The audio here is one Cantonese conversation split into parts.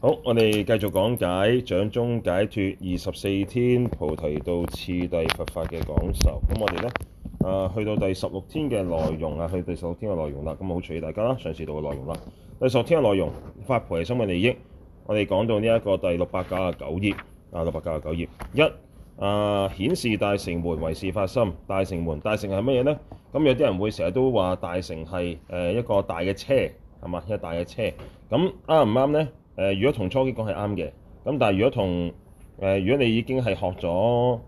好，我哋繼續講解掌中解脫二十四天菩提道次第佛法嘅講授。咁我哋咧啊，去到第十六天嘅內容啊，去第十六天嘅內容啦。咁好，處意大家啦，上士道嘅內容啦。第十六天嘅內容，發菩提心嘅利益，我哋講到呢一個第六百九十九頁啊，六百九十九頁一啊、呃，顯示大乘門惟是發心。大乘門，大乘係乜嘢咧？咁有啲人會成日都話大乘係誒、呃、一個大嘅車係嘛，一大嘅車咁啱唔啱咧？誒、呃，如果同初級講係啱嘅，咁但係如果同誒、呃，如果你已經係學咗誒、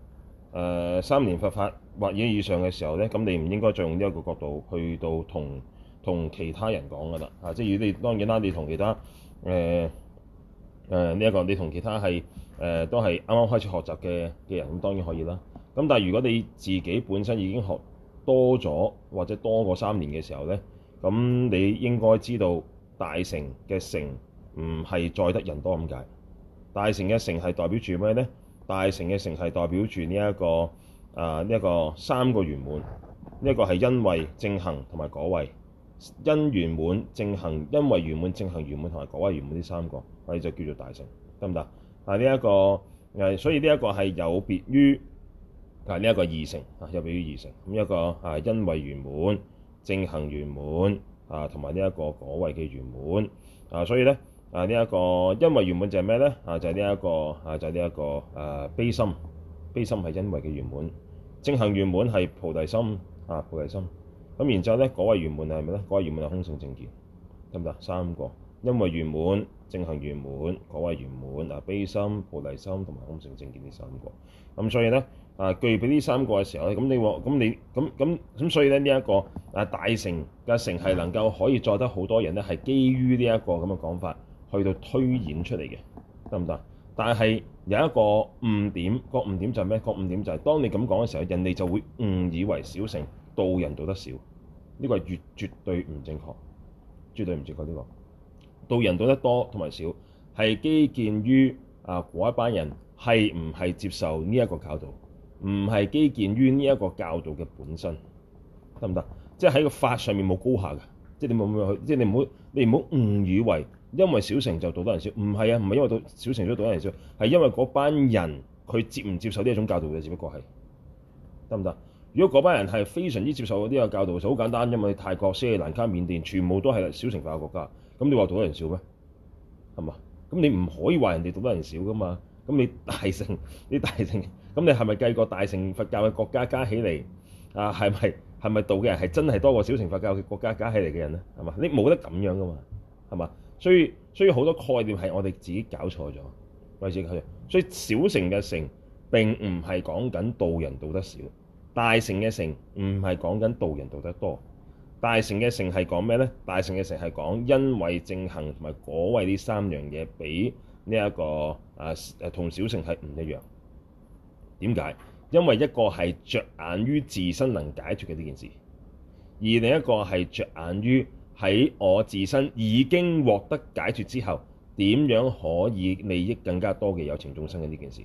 呃、三年佛法或者以上嘅時候咧，咁你唔應該再用呢一個角度去到同同其他人講㗎喇。啊，即係如果你當然啦，你同其他誒誒呢一個，你同其他係誒、呃、都係啱啱開始學習嘅嘅人，咁當然可以啦。咁但係如果你自己本身已經學多咗或者多過三年嘅時候咧，咁你應該知道大乘嘅乘。唔係、嗯、再得人多咁解，大成嘅城係代表住咩咧？大成嘅城係代表住呢一個啊呢一、這個三個圓滿，呢、這、一個係因為正行同埋果位因圓滿正行，因為圓滿正行圓滿同埋果位圓滿呢三個，我哋就叫做大、這個啊這個、成，得唔得？係呢一個誒、啊啊，所以呢一個係有別於啊呢一個二成啊，有別於二成咁一個啊，因為圓滿正行圓滿啊，同埋呢一個果位嘅圓滿啊，所以咧。啊！呢、這、一個因位圓滿就係咩咧？啊，就係呢一個啊，就係呢一個誒、呃、悲心，悲心係因位嘅圓滿，正行圓滿係菩提心啊，菩提心。咁、啊、然之後咧，果位圓滿係咩咧？果位圓滿係空性正見，得唔得？三個因位圓滿、正行圓滿、果位圓滿啊，悲心、菩提心同埋空性正見呢三個。咁、啊、所以咧啊，具備呢三個嘅時候咧，咁你咁咁咁所以咧呢、這個啊、乘乘以呢這一個啊大乘嘅乘係能夠可以載得好多人咧，係基於呢一個咁嘅講法。去到推演出嚟嘅，得唔得？但係有一個誤點，個誤點就係咩？個誤點就係當你咁講嘅時候，人哋就會誤以為小乘度人度得少，呢個係越絕對唔正確，絕對唔正確呢個度人度得多同埋少係基建於啊嗰一班人係唔係接受呢一個教導，唔係基建於呢一個教導嘅本身，得唔得？即係喺個法上面冇高下嘅，即係你冇冇去，即係你唔好你唔好誤以為。因為小乘就讀得人少，唔係啊，唔係因為到小乘就讀得人少，係因為嗰班人佢接唔接受呢一種教導嘅，只不過係得唔得？如果嗰班人係非常之接受呢個教導就好簡單，因為泰國、斯里蘭卡、緬甸全部都係小乘化嘅國家，咁你話讀得人少咩？係嘛？咁你唔可以話人哋讀得人少噶嘛？咁你大乘你大乘，咁你係咪計過大乘佛教嘅國家加起嚟啊？係咪係咪讀嘅人係真係多過小乘佛教嘅國家加起嚟嘅人咧？係嘛？你冇得咁樣噶嘛？係嘛？所以所以好多概念係我哋自己搞錯咗，我自己搞錯。所以小乘嘅乘並唔係講緊渡人渡得少，大乘嘅乘唔係講緊渡人渡得多，大乘嘅乘係講咩咧？大乘嘅乘係講因為正行同埋果位呢三樣嘢比呢、這、一個啊，同小乘係唔一樣。點解？因為一個係着眼於自身能解決嘅呢件事，而另一個係着眼於。喺我自身已經獲得解脫之後，點樣可以利益更加多嘅有情眾生嘅呢件事？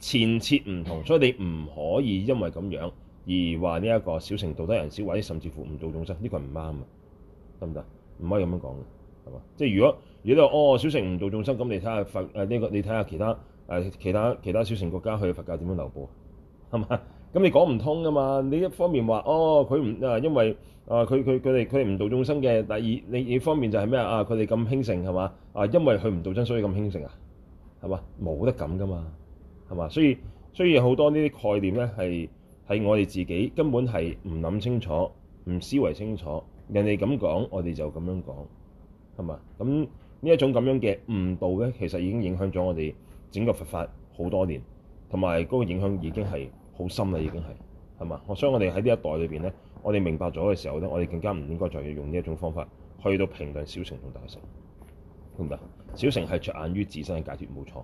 前設唔同，所以你唔可以因為咁樣而話呢一個小乘道德人少，或者甚至乎唔做眾生，呢、這個唔啱啊，得唔得？唔可以咁樣講，係嘛？即係如果如果你話哦小乘唔做眾生，咁你睇下佛誒呢、呃這個你睇下其他誒、呃、其他其他小乘國家去佛教點樣流布，係嘛？咁你講唔通噶嘛？你一方面話哦，佢唔啊，因為啊，佢佢佢哋佢哋唔度眾生嘅；第二你你方面就係咩啊？啊，佢哋咁興盛係嘛？啊，因為佢唔、啊度，啊啊、度生所以咁興盛啊？係嘛？冇得咁噶嘛？係嘛？所以所以好多呢啲概念咧，係係我哋自己根本係唔諗清楚、唔思維清楚，人哋咁講，我哋就咁樣講係嘛？咁呢一種咁樣嘅誤導咧，其實已經影響咗我哋整個佛法好多年，同埋嗰個影響已經係，好深啦，已經係係嘛？所以我哋喺呢一代裏邊咧，我哋明白咗嘅時候咧，我哋更加唔應該再用呢一種方法去到評定小乘同大乘。得唔得？小乘係着眼於自身嘅解決冇錯，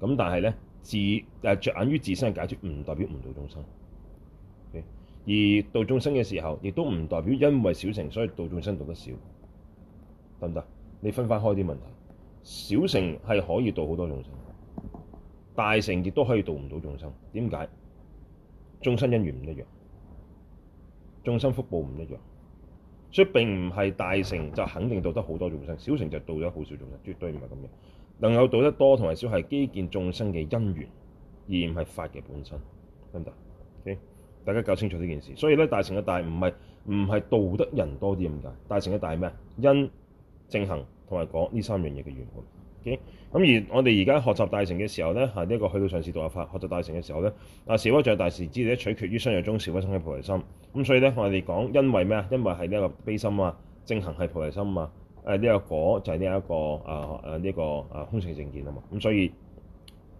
咁但係咧自，誒着眼於自身嘅解決，唔代表唔度眾生。而度眾生嘅時候，亦都唔代表因為小乘所以度眾生度得少，得唔得？你分翻開啲問題，小乘係可以度好多眾生，大乘亦都可以度唔到眾生。點解？眾生因緣唔一樣，眾生福報唔一樣，所以並唔係大乘就肯定度得好多眾生，小乘就度咗好少眾生，絕對唔係咁樣。能夠度得多同埋少，係基建眾生嘅因緣，而唔係法嘅本身，得唔得。O，、okay? 大家搞清楚呢件事。所以咧，大乘嘅大唔係唔係度得人多啲咁解，大乘嘅大係咩？因正行同埋講呢三樣嘢嘅緣故。O、okay?。咁而我哋而家學習大乘嘅時候咧，呢、這、一個去到上士道入法學習大乘嘅時候咧，啊是否仲有大士之理咧，取決於相續中是否生起菩提心。咁所以咧，我哋講因為咩啊？因為係呢一個悲心啊，正行係菩提心啊，呢、這個果就係呢一個啊呢、呃這個啊空性正見啊嘛。咁所以，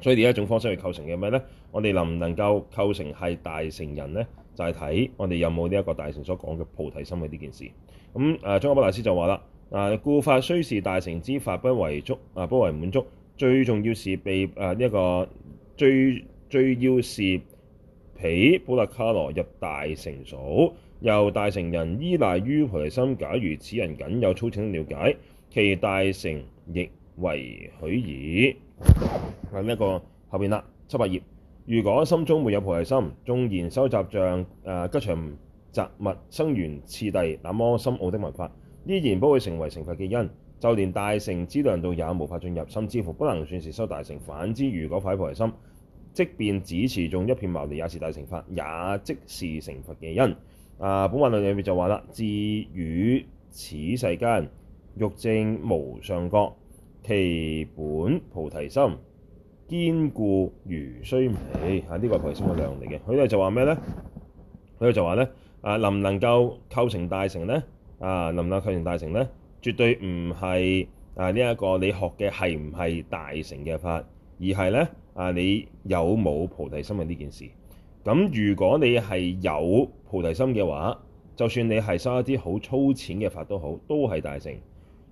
所以呢一種方式去構成嘅咩咧？我哋能唔能夠構，構成係大乘人咧？就係、是、睇我哋有冇呢一個大乘所講嘅菩提心嘅呢件事。咁誒，宗喀巴大師就話啦。啊！故法雖是大乘之法，不為足啊，不為滿足。最重要是被啊呢一、這個最最要是彼補特伽羅入大乘數，又大乘人依賴於菩提心。假如此人僅有粗淺了解，其大乘亦唯爾許。啊呢一、這個後邊啦，七八頁。如果心中沒有菩提心，縱然修習像啊吉祥集密、生圓次第，那麼深奧的密法。依然不會成為成佛嘅因，就連大乘資糧道也無法進入，甚至乎不能算是修大乘。反之如、如果發菩提心，即便只持誦一遍嘛呢，也是大乘法，也即是成佛嘅因。啊，寶鬘論裏面就話啦，自與此世間，欲證無上覺，其本菩提心，堅固如須彌嚇，呢、啊這個是菩提心嘅量嚟嘅。佢哋就話咩呢？佢哋就話呢：「啊，能唔能夠構成大乘呢？」啊！能唔能構成大乘咧？絕對唔係啊，呢一個你學嘅係唔係大乘嘅法，而係咧啊，你有冇菩提心嘅呢件事。咁如果你係有菩提心嘅話，就算你係修一啲好粗淺嘅法都好，都係大乘。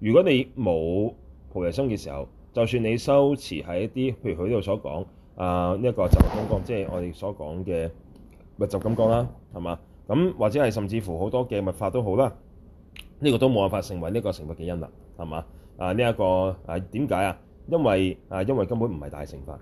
如果你冇菩提心嘅時候，就算你修持喺一啲譬如佢呢度所講啊，呢一個集密金剛，即係我哋所講嘅密集金剛啦，係嘛，咁或者係甚至乎好多嘅密法都好啦。呢個都冇辦法成為呢個成佛嘅因啦，係嘛？啊呢一、這個啊點解啊？因為啊因為根本唔係大乘法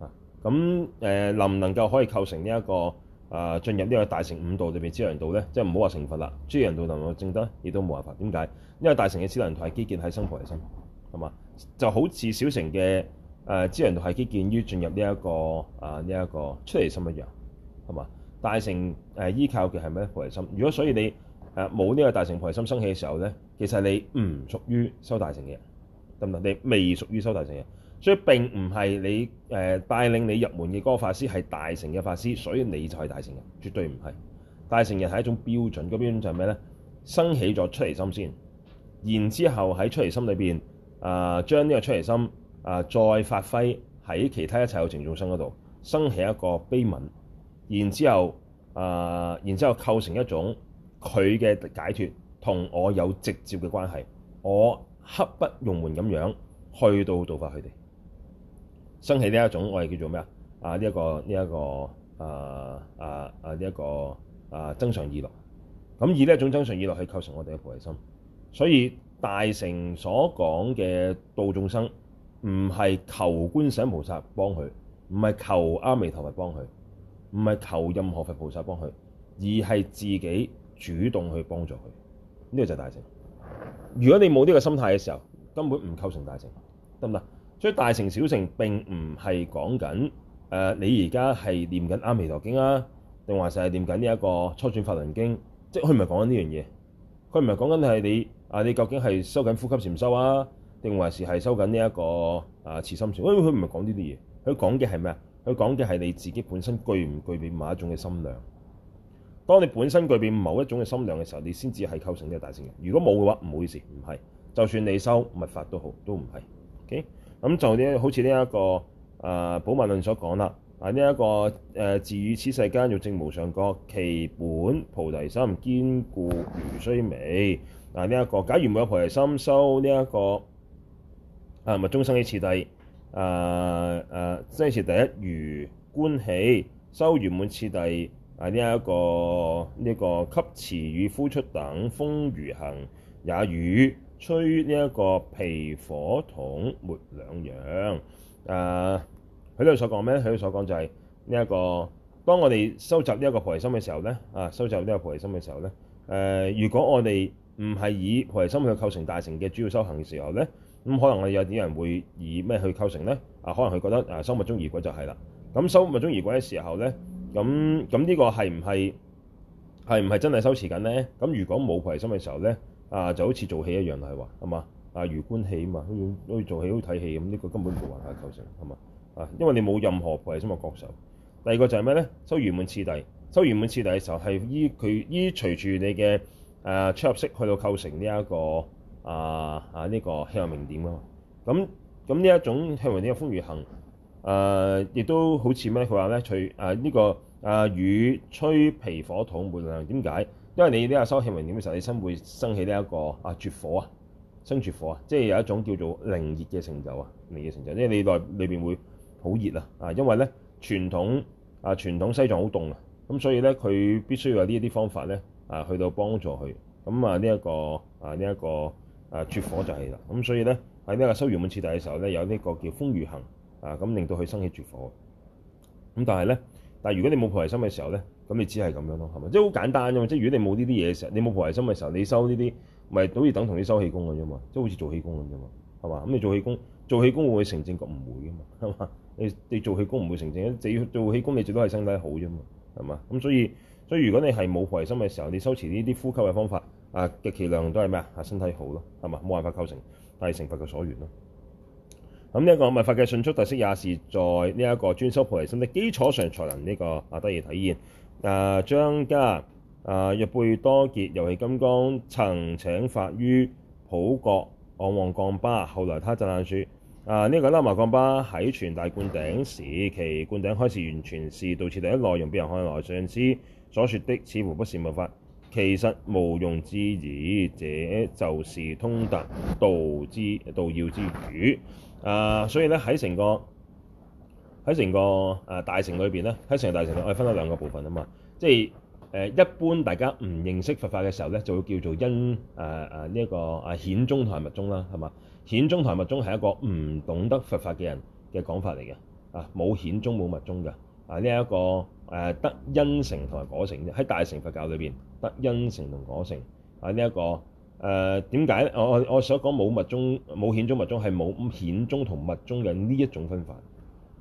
啊，咁誒、呃、能唔能夠可以構成呢、這、一個啊進入呢個大乘五道裏邊資糧道咧？即係唔好話成佛啦，資糧道能夠證得亦都冇辦法。點解？因為大乘嘅資糧道係基建喺生菩提心，係嘛？就好似小乘嘅誒資糧道係基建於進入呢、這、一個啊呢一、這個出離心一樣，係嘛？大乘誒依靠嘅係咩菩提心？如果所以你。誒冇呢個大乘菩提心升起嘅時候咧，其實你唔屬於修大乘嘅人，得唔得？你未屬於修大乘嘅人，所以並唔係你誒、呃、帶領你入門嘅嗰個法師係大乘嘅法師，所以你就係大乘人，絕對唔係。大乘人係一種標準，嘅標準就係咩咧？升起咗出離心先，然之後喺出離心裏邊啊，將、呃、呢個出離心啊、呃、再發揮喺其他一切有情眾生嗰度，升起一個悲憫，然之後啊、呃，然之後構成一種。佢嘅解脫同我有直接嘅關係，我刻不容緩咁樣去到導化佢哋，生起呢一種我哋叫做咩啊、這個這個、啊？啊呢一、啊這個呢一個啊啊啊呢一個啊增上意樂，咁以呢一種增上意樂去構成我哋嘅菩提心。所以大乘所講嘅度眾生，唔係求觀世音菩薩幫佢，唔係求阿彌陀佛幫佢，唔係求任何佛菩薩幫佢，而係自己。主動去幫助佢，呢個就係大乘。如果你冇呢個心態嘅時候，根本唔構成大乘，得唔得？所以大乘小乘並唔係講緊誒你而家係念緊《阿彌陀經》啊，定還是係念緊呢一個《初轉法輪經》即是他不是說？即佢唔係講緊呢樣嘢，佢唔係講緊係你啊，你究竟係收緊呼吸禪修啊，定還是係收緊呢一個啊慈心禪？喂，佢唔係講呢啲嘢，佢講嘅係咩啊？佢講嘅係你自己本身具唔具備某一種嘅心量。當你本身具備某一種嘅心量嘅時候，你先至係構成呢個大乘人。如果冇嘅話，唔好意思，唔係。就算你修密法都好，都唔係。咁、okay? 就呢，好似呢一個啊，《寶鬘論》所講啦。啊，呢一、啊這個誒，自、啊、與此世間，欲證無上覺，其本菩提心，堅固如須彌。嗱、啊，呢、這、一個，假如冇菩提心修呢、這、一個啊，密宗生起次第。啊啊，即係第一如觀戲，修圓滿次第。啊！呢、這、一個呢、這個吸氈與呼出等風如行，也與吹呢一個皮火筒沒兩樣。誒、啊，佢都所講咩？佢有所講就係呢一個，當我哋收集呢一個菩提心嘅時候咧，啊，收集呢個菩提心嘅時候咧，誒、啊，如果我哋唔係以菩提心去構成大乘嘅主要修行嘅時候咧，咁可能我哋有啲人會以咩去構成咧？啊，可能佢覺得誒修密宗儀軌就係啦。咁修密宗儀軌嘅時候咧。咁咁呢個係唔係係唔係真係修持緊咧？咁如果冇菩提心嘅時候咧，啊就好似做戲一樣係話，係嘛？啊如觀戲啊嘛，好似好似做戲好似睇戲咁，呢、這個根本冇辦法構成，係嘛？啊，因為你冇任何菩提心嘅覺受。第二個就係咩咧？修圓滿次第，修圓滿次第嘅時候係依佢依隨住你嘅、啊、出入息去到構成呢、這、一個啊啊呢、這個、明點咯。咁咁呢一種向陽明點風如行，亦、啊、都好似咩？佢話咧，隨呢、啊這個。啊！雨吹皮火筒，冇兩樣，點解，因為你呢個修氣明點嘅時候，你身會生起呢、這、一個啊絕火啊，生絕火啊，即係有一種叫做靈熱嘅成就啊，靈熱成就，即係你內裏邊會好熱啊！啊，因為咧傳統啊，傳統西藏好凍啊，咁所以咧佢必須要有呢一啲方法咧啊，去到幫助佢咁、這個、啊呢一、這個啊呢一個啊絕火就係啦。咁所以咧喺呢個修圓滿次第嘅時候咧，有呢個叫風如行啊，咁、啊、令到佢生起絕火、啊。咁、啊、但係咧。但係如果你冇菩提心嘅時候咧，咁你只係咁樣咯，係咪、就是？即係好簡單啫嘛！即係如果你冇呢啲嘢嘅時候，你冇菩提心嘅時候，你收呢啲，咪都要等同你收氣功嘅啫嘛！即係好似做氣功咁啫嘛，係嘛？咁你做氣功，做氣功會唔會成正覺？唔會嘅嘛，係嘛？你你做氣功唔會成正，只要做氣功你最多係身體好啫嘛，係嘛？咁所以所以如果你係冇菩提心嘅時候，你收持呢啲呼吸嘅方法，啊極其量都係咩啊？係身體好咯，係嘛？冇辦法構成，但係成佛嘅所緣咯。咁呢一個密法嘅迅速特色，也是在呢一個專修菩提心嘅基礎上，才能呢、這個啊得以體現。誒、啊，章嘉誒若貝多傑遊戲金剛曾請法於普覺昂旺降巴，後來他讚歎說。誒、啊，呢、這個喇嘛降巴喺傳大灌頂時，其灌頂開示完全是道次第一內容，別人看來，上師所說的似乎不是密法，其實無庸置疑。這就是通達道，道之道要之語。啊、呃，所以咧喺成個喺成個啊、呃、大乘裏邊咧，喺成個大乘裏邊我哋分咗兩個部分啊嘛，即係誒一般大家唔認識佛法嘅時候咧，就會叫做因誒誒呢一個啊顯宗同埋密宗啦，係嘛？顯宗同埋密宗係一個唔懂得佛法嘅人嘅講法嚟嘅啊，冇顯宗冇密宗嘅。啊呢一個誒、呃、得因乘同果乘啫，喺大乘佛教裏邊得因乘同果乘啊呢一個。誒點解咧？我我所講冇物宗冇顯宗物宗，係冇顯宗同物宗嘅呢一種分法，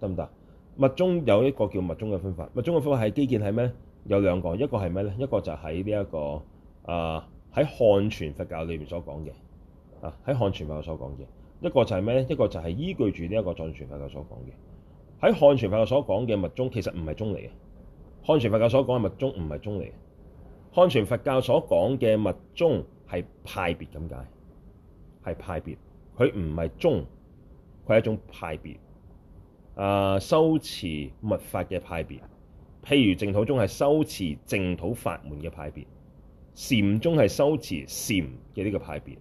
得唔得？物宗有一個叫物宗嘅分法，物宗嘅分法係基建係咩？有兩個，一個係咩咧？一個就喺呢一個啊喺漢傳佛教裏面所講嘅啊，喺漢傳佛教所講嘅一個就係咩咧？一個就係依據住呢一個藏傳佛教所講嘅。喺漢傳佛教所講嘅物宗其實唔係宗嚟嘅。漢傳佛教所講嘅物宗唔係宗嚟嘅。漢傳佛教所講嘅物宗。係派別咁解，係派別。佢唔係宗，佢係一種派別。誒、呃、修持密法嘅派別，譬如淨土宗係修持淨土法門嘅派別，禪宗係修持禪嘅呢個派別，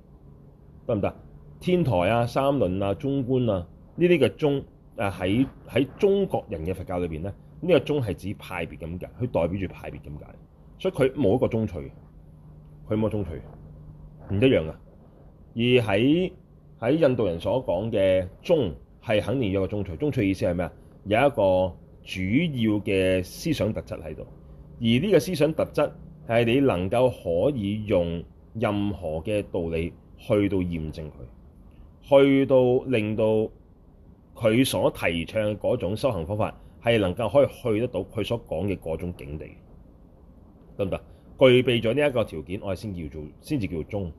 得唔得？天台啊、三論啊、中觀啊，呢啲嘅宗，誒喺喺中國人嘅佛教裏邊咧，呢、呢個宗係指派別咁解，佢代表住派別咁解，所以佢冇一個宗趣。佢冇宗趣。唔一樣噶，而喺喺印度人所講嘅宗係肯定有個宗趣，宗趣意思係咩啊？有一個主要嘅思想特質喺度，而呢個思想特質係你能夠可以用任何嘅道理去到驗證佢，去到令到佢所提倡嗰種修行方法係能夠可以去得到佢所講嘅嗰種境地，得唔得？具備咗呢一個條件，我哋先叫做先至叫宗，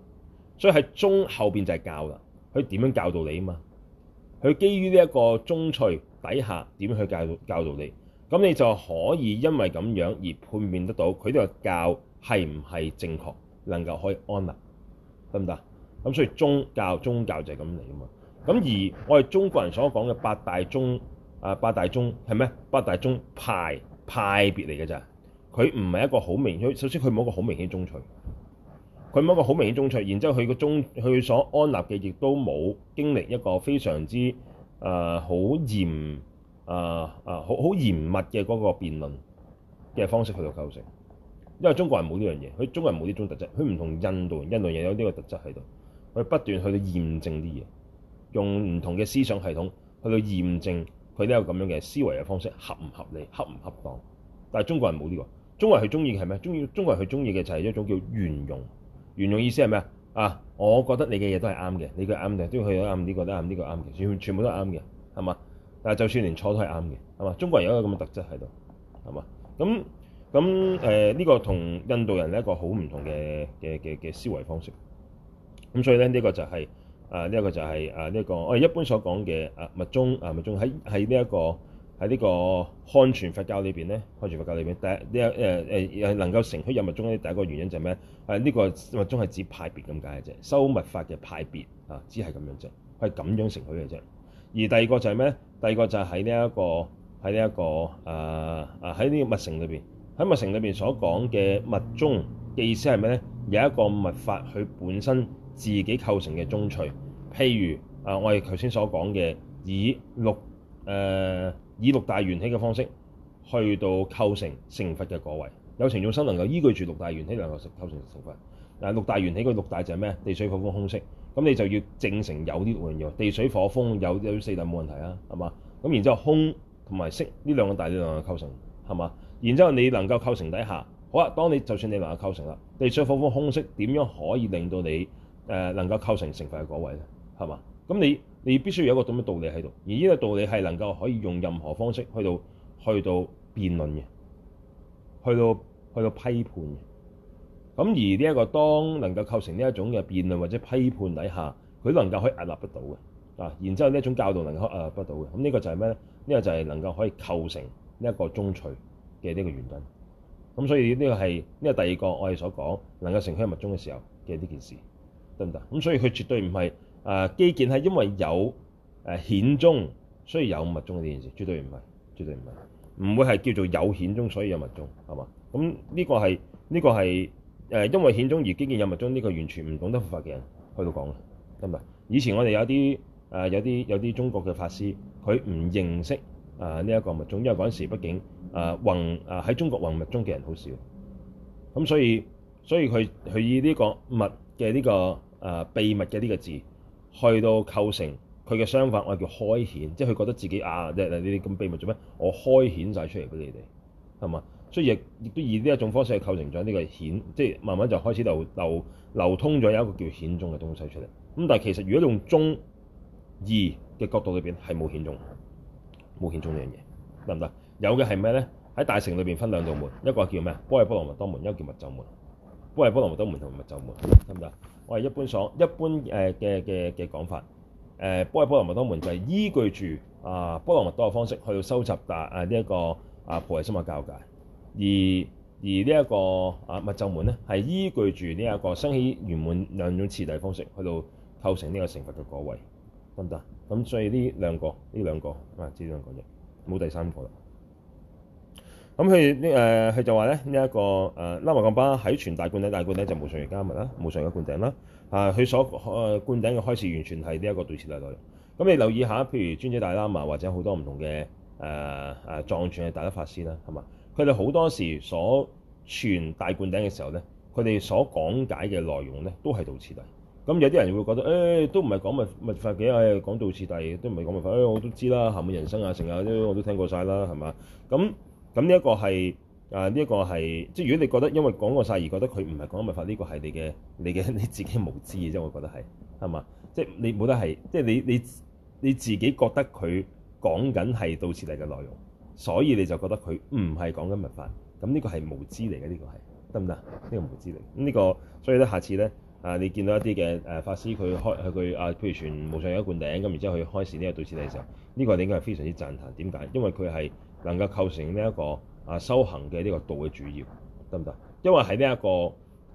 所以喺「宗」後面就係教啦。佢點樣教導你啊？嘛，佢基於呢一個宗趣底下，點去教導教導你？咁你就可以因為咁樣而判斷得到佢呢個教係唔係正確，能夠可以安立得唔得？咁所以宗教宗教就係咁嚟啊嘛。咁而我哋中國人所講嘅八大宗啊，八大宗係咩？八大宗派派別嚟嘅咋？佢唔係一個好明，佢首先佢冇一個好明顯宗趣。佢冇一個好明顯宗趣。然之後佢個宗，佢所安立嘅亦都冇經歷一個非常之誒好，呃、嚴誒誒好好嚴密嘅嗰個辯論嘅方式去到構成，因為中國人冇呢樣嘢，佢中國人冇呢種特質，佢唔同印度人，印度人有呢個特質喺度，佢不斷去到驗證啲嘢，用唔同嘅思想系統去到驗證佢都有咁樣嘅思維嘅方式合唔合理、合唔恰當，但係中國人冇呢、這個。中國人佢中意嘅係咩？中意中國人佢中意嘅就係一種叫圓融。圓融意思係咩啊？啊，我覺得你嘅嘢都係啱嘅，你嘅啱嘅，都要佢啱呢個都啱呢個啱嘅、這個，全全部都啱嘅，係嘛？但係就算連錯都係啱嘅，係嘛？中國人有一個咁嘅特質喺度，係嘛？咁咁誒呢個同印度人咧一個好唔同嘅嘅嘅嘅思維方式。咁所以咧呢、這個就係啊呢一個就係啊呢一個我哋一般所講嘅啊密宗啊密宗喺喺呢一個。喺呢個漢傳佛教裏邊咧，漢傳佛教裏邊，第一呢誒誒誒能夠承許有密宗嘅第一個原因就係咩？係、這、呢個密宗係指派別咁解嘅啫，修密法嘅派別啊，只係咁樣啫，係咁樣承許嘅啫。而第二個就係咩？第二個就係喺呢一個喺呢一個啊啊喺呢密乘裏邊，喺密乘裏邊所講嘅密宗嘅意思係咩咧？有一個密法佢本身自己構成嘅宗趣，譬如啊、呃，我哋頭先所講嘅以六誒。呃以六大元氣嘅方式去到構成成佛嘅果位，有情眾生能夠依據住六大元氣能夠成構成成佛。嗱，六大元氣佢六大就係咩？地水火風空色，咁你就要正成有啲六樣，地水火風有有啲四大冇問題啊，係嘛？咁然之後空同埋色呢兩個大量兩個構成係嘛？然之後你能夠構成底下，好啊。當你就算你能夠構成啦，地水火風空色點樣可以令到你誒、呃、能夠構成成佛嘅果位咧？係嘛？咁你你必須要有一個咁嘅道理喺度，而呢個道理係能夠可以用任何方式去到去到辯論嘅，去到去到批判嘅。咁而呢、這、一個當能夠構成呢一種嘅辯論或者批判底下，佢能夠可以屹立不倒嘅啊。然之後呢一種教導能夠屹立不倒嘅，咁呢個就係咩咧？呢、這個就係能夠可以構成呢一個中鋤嘅呢個原因。咁所以呢個係呢、這個第二個我哋所講能夠成香物中嘅時候嘅呢件事，得唔得？咁所以佢絕對唔係。啊！基建係因為有誒顯、啊、宗，所以有密宗嘅。呢件事，絕對唔係，絕對唔係，唔會係叫做有顯宗所以有密宗係嘛？咁呢個係呢、呢個係誒、啊，因為顯宗而基建有密宗呢、呢個完全唔懂得佛法嘅人去到講嘅，真唔係。以前我哋有啲誒、啊、有啲有啲中國嘅法師，佢唔認識誒呢一個密宗，因為嗰陣時畢竟誒、啊、宏誒喺、啊、中國宏密宗嘅人好少，咁所以所以佢佢以呢個密嘅呢個誒、啊、秘密嘅呢個字。去到構成佢嘅方法，我、啊、叫開顯，即係佢覺得自己啊，即係呢啲咁秘密做咩？我開顯晒出嚟俾你哋，係嘛？所以亦亦都以呢一種方式去構成咗呢、呢個顯，即係慢慢就開始流流流通咗有一個叫顯宗嘅東西出嚟。咁但係其實如果用宗義嘅角度裏邊係冇顯宗，冇顯宗呢樣嘢得唔得？有嘅係咩咧？喺大乘裏邊分兩道門，一個叫咩？波、波羅波羅蜜多門，一個叫密咒門。波羅波羅蜜多門同密咒門得唔得？行我係一般所一般誒嘅嘅嘅講法，波、呃、波羅蜜多門就係依據住啊波羅蜜多嘅方式去到收集達誒呢一個啊菩提心嘅教界，而而呢、這、一個啊密咒門咧係依據住呢一個生起圓滿兩種次第方式去到構成呢個成佛嘅果位得唔得？咁所以呢兩個呢兩個啊只有兩個啫，冇第三個啦。咁佢呢？誒，佢就話咧，呢一個誒喇嘛降巴喺傳大灌頂，大灌頂就無上瑜伽密啦，無上嘅灌頂啦。啊，佢所誒灌頂嘅開示完全係呢一個道次第內容。咁你留意下，譬如尊者大喇嘛或者好多唔同嘅誒誒藏傳嘅大德法師啦，係嘛？佢哋好多時所傳大灌頂嘅時候咧，佢哋所講解嘅內容咧，都係道次第。咁有啲人會覺得誒、欸，都唔係講密物法嘅，啊，講道次第都唔係講密法。誒、欸，我都知啦，暇滿人生啊，成日都我都聽過晒啦，係嘛？咁。咁呢一個係啊，呢、這、一個係即係如果你覺得因為講過晒，而覺得佢唔係講密法，呢、這個係你嘅你嘅你自己無知嘅啫，我覺得係係嘛？即係你冇得係，即係你你你自己覺得佢講緊係道次第嘅內容，所以你就覺得佢唔係講緊密法。咁呢個係無知嚟嘅，呢、這個係得唔得？呢、這個無知嚟。咁呢、這個所以咧，下次咧啊，你見到一啲嘅誒法師佢開佢佢啊，譬如傳無上瑜伽灌頂咁，然之後去開示呢個道次第嘅時候，呢、這個你應該係非常之讚歎。點解？因為佢係。能夠構成呢、這、一個啊修行嘅呢個道嘅主要，得唔得？因為喺呢一個誒、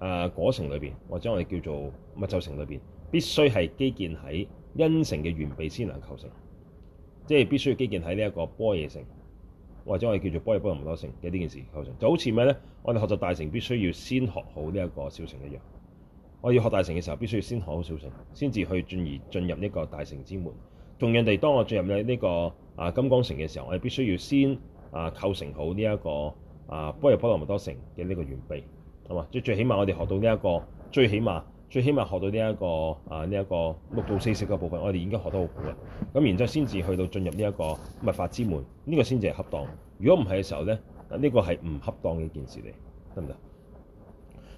啊、果裡面我我乘裏邊，或者我哋叫做密咒乘裏邊，必須係基建喺因乘嘅完備先能構成，即係必須基建喺呢一個般若乘，或者我哋叫做般若波羅蜜多乘嘅呢件事構成。就好似咩咧？我哋學習大乘必須要先學好呢一個小乘一樣，我要學大乘嘅時候必須要先學好小乘，先至去進而進入呢個大乘之門。同樣地，當我進入咗呢、這個啊，金剛乘嘅時候，我哋必須要先啊構成好呢一個啊般若波羅蜜多乘嘅呢個圓備，係嘛？即係最起碼我哋學到呢一個，最起碼最起碼學到呢一個啊呢一個六度四攝嘅部分，我哋已經學得好好嘅。咁然之後先至去到進入呢一個密法之門，呢個先至係恰當的。如果唔係嘅時候咧，呢個係唔恰當嘅一件事嚟，得唔得？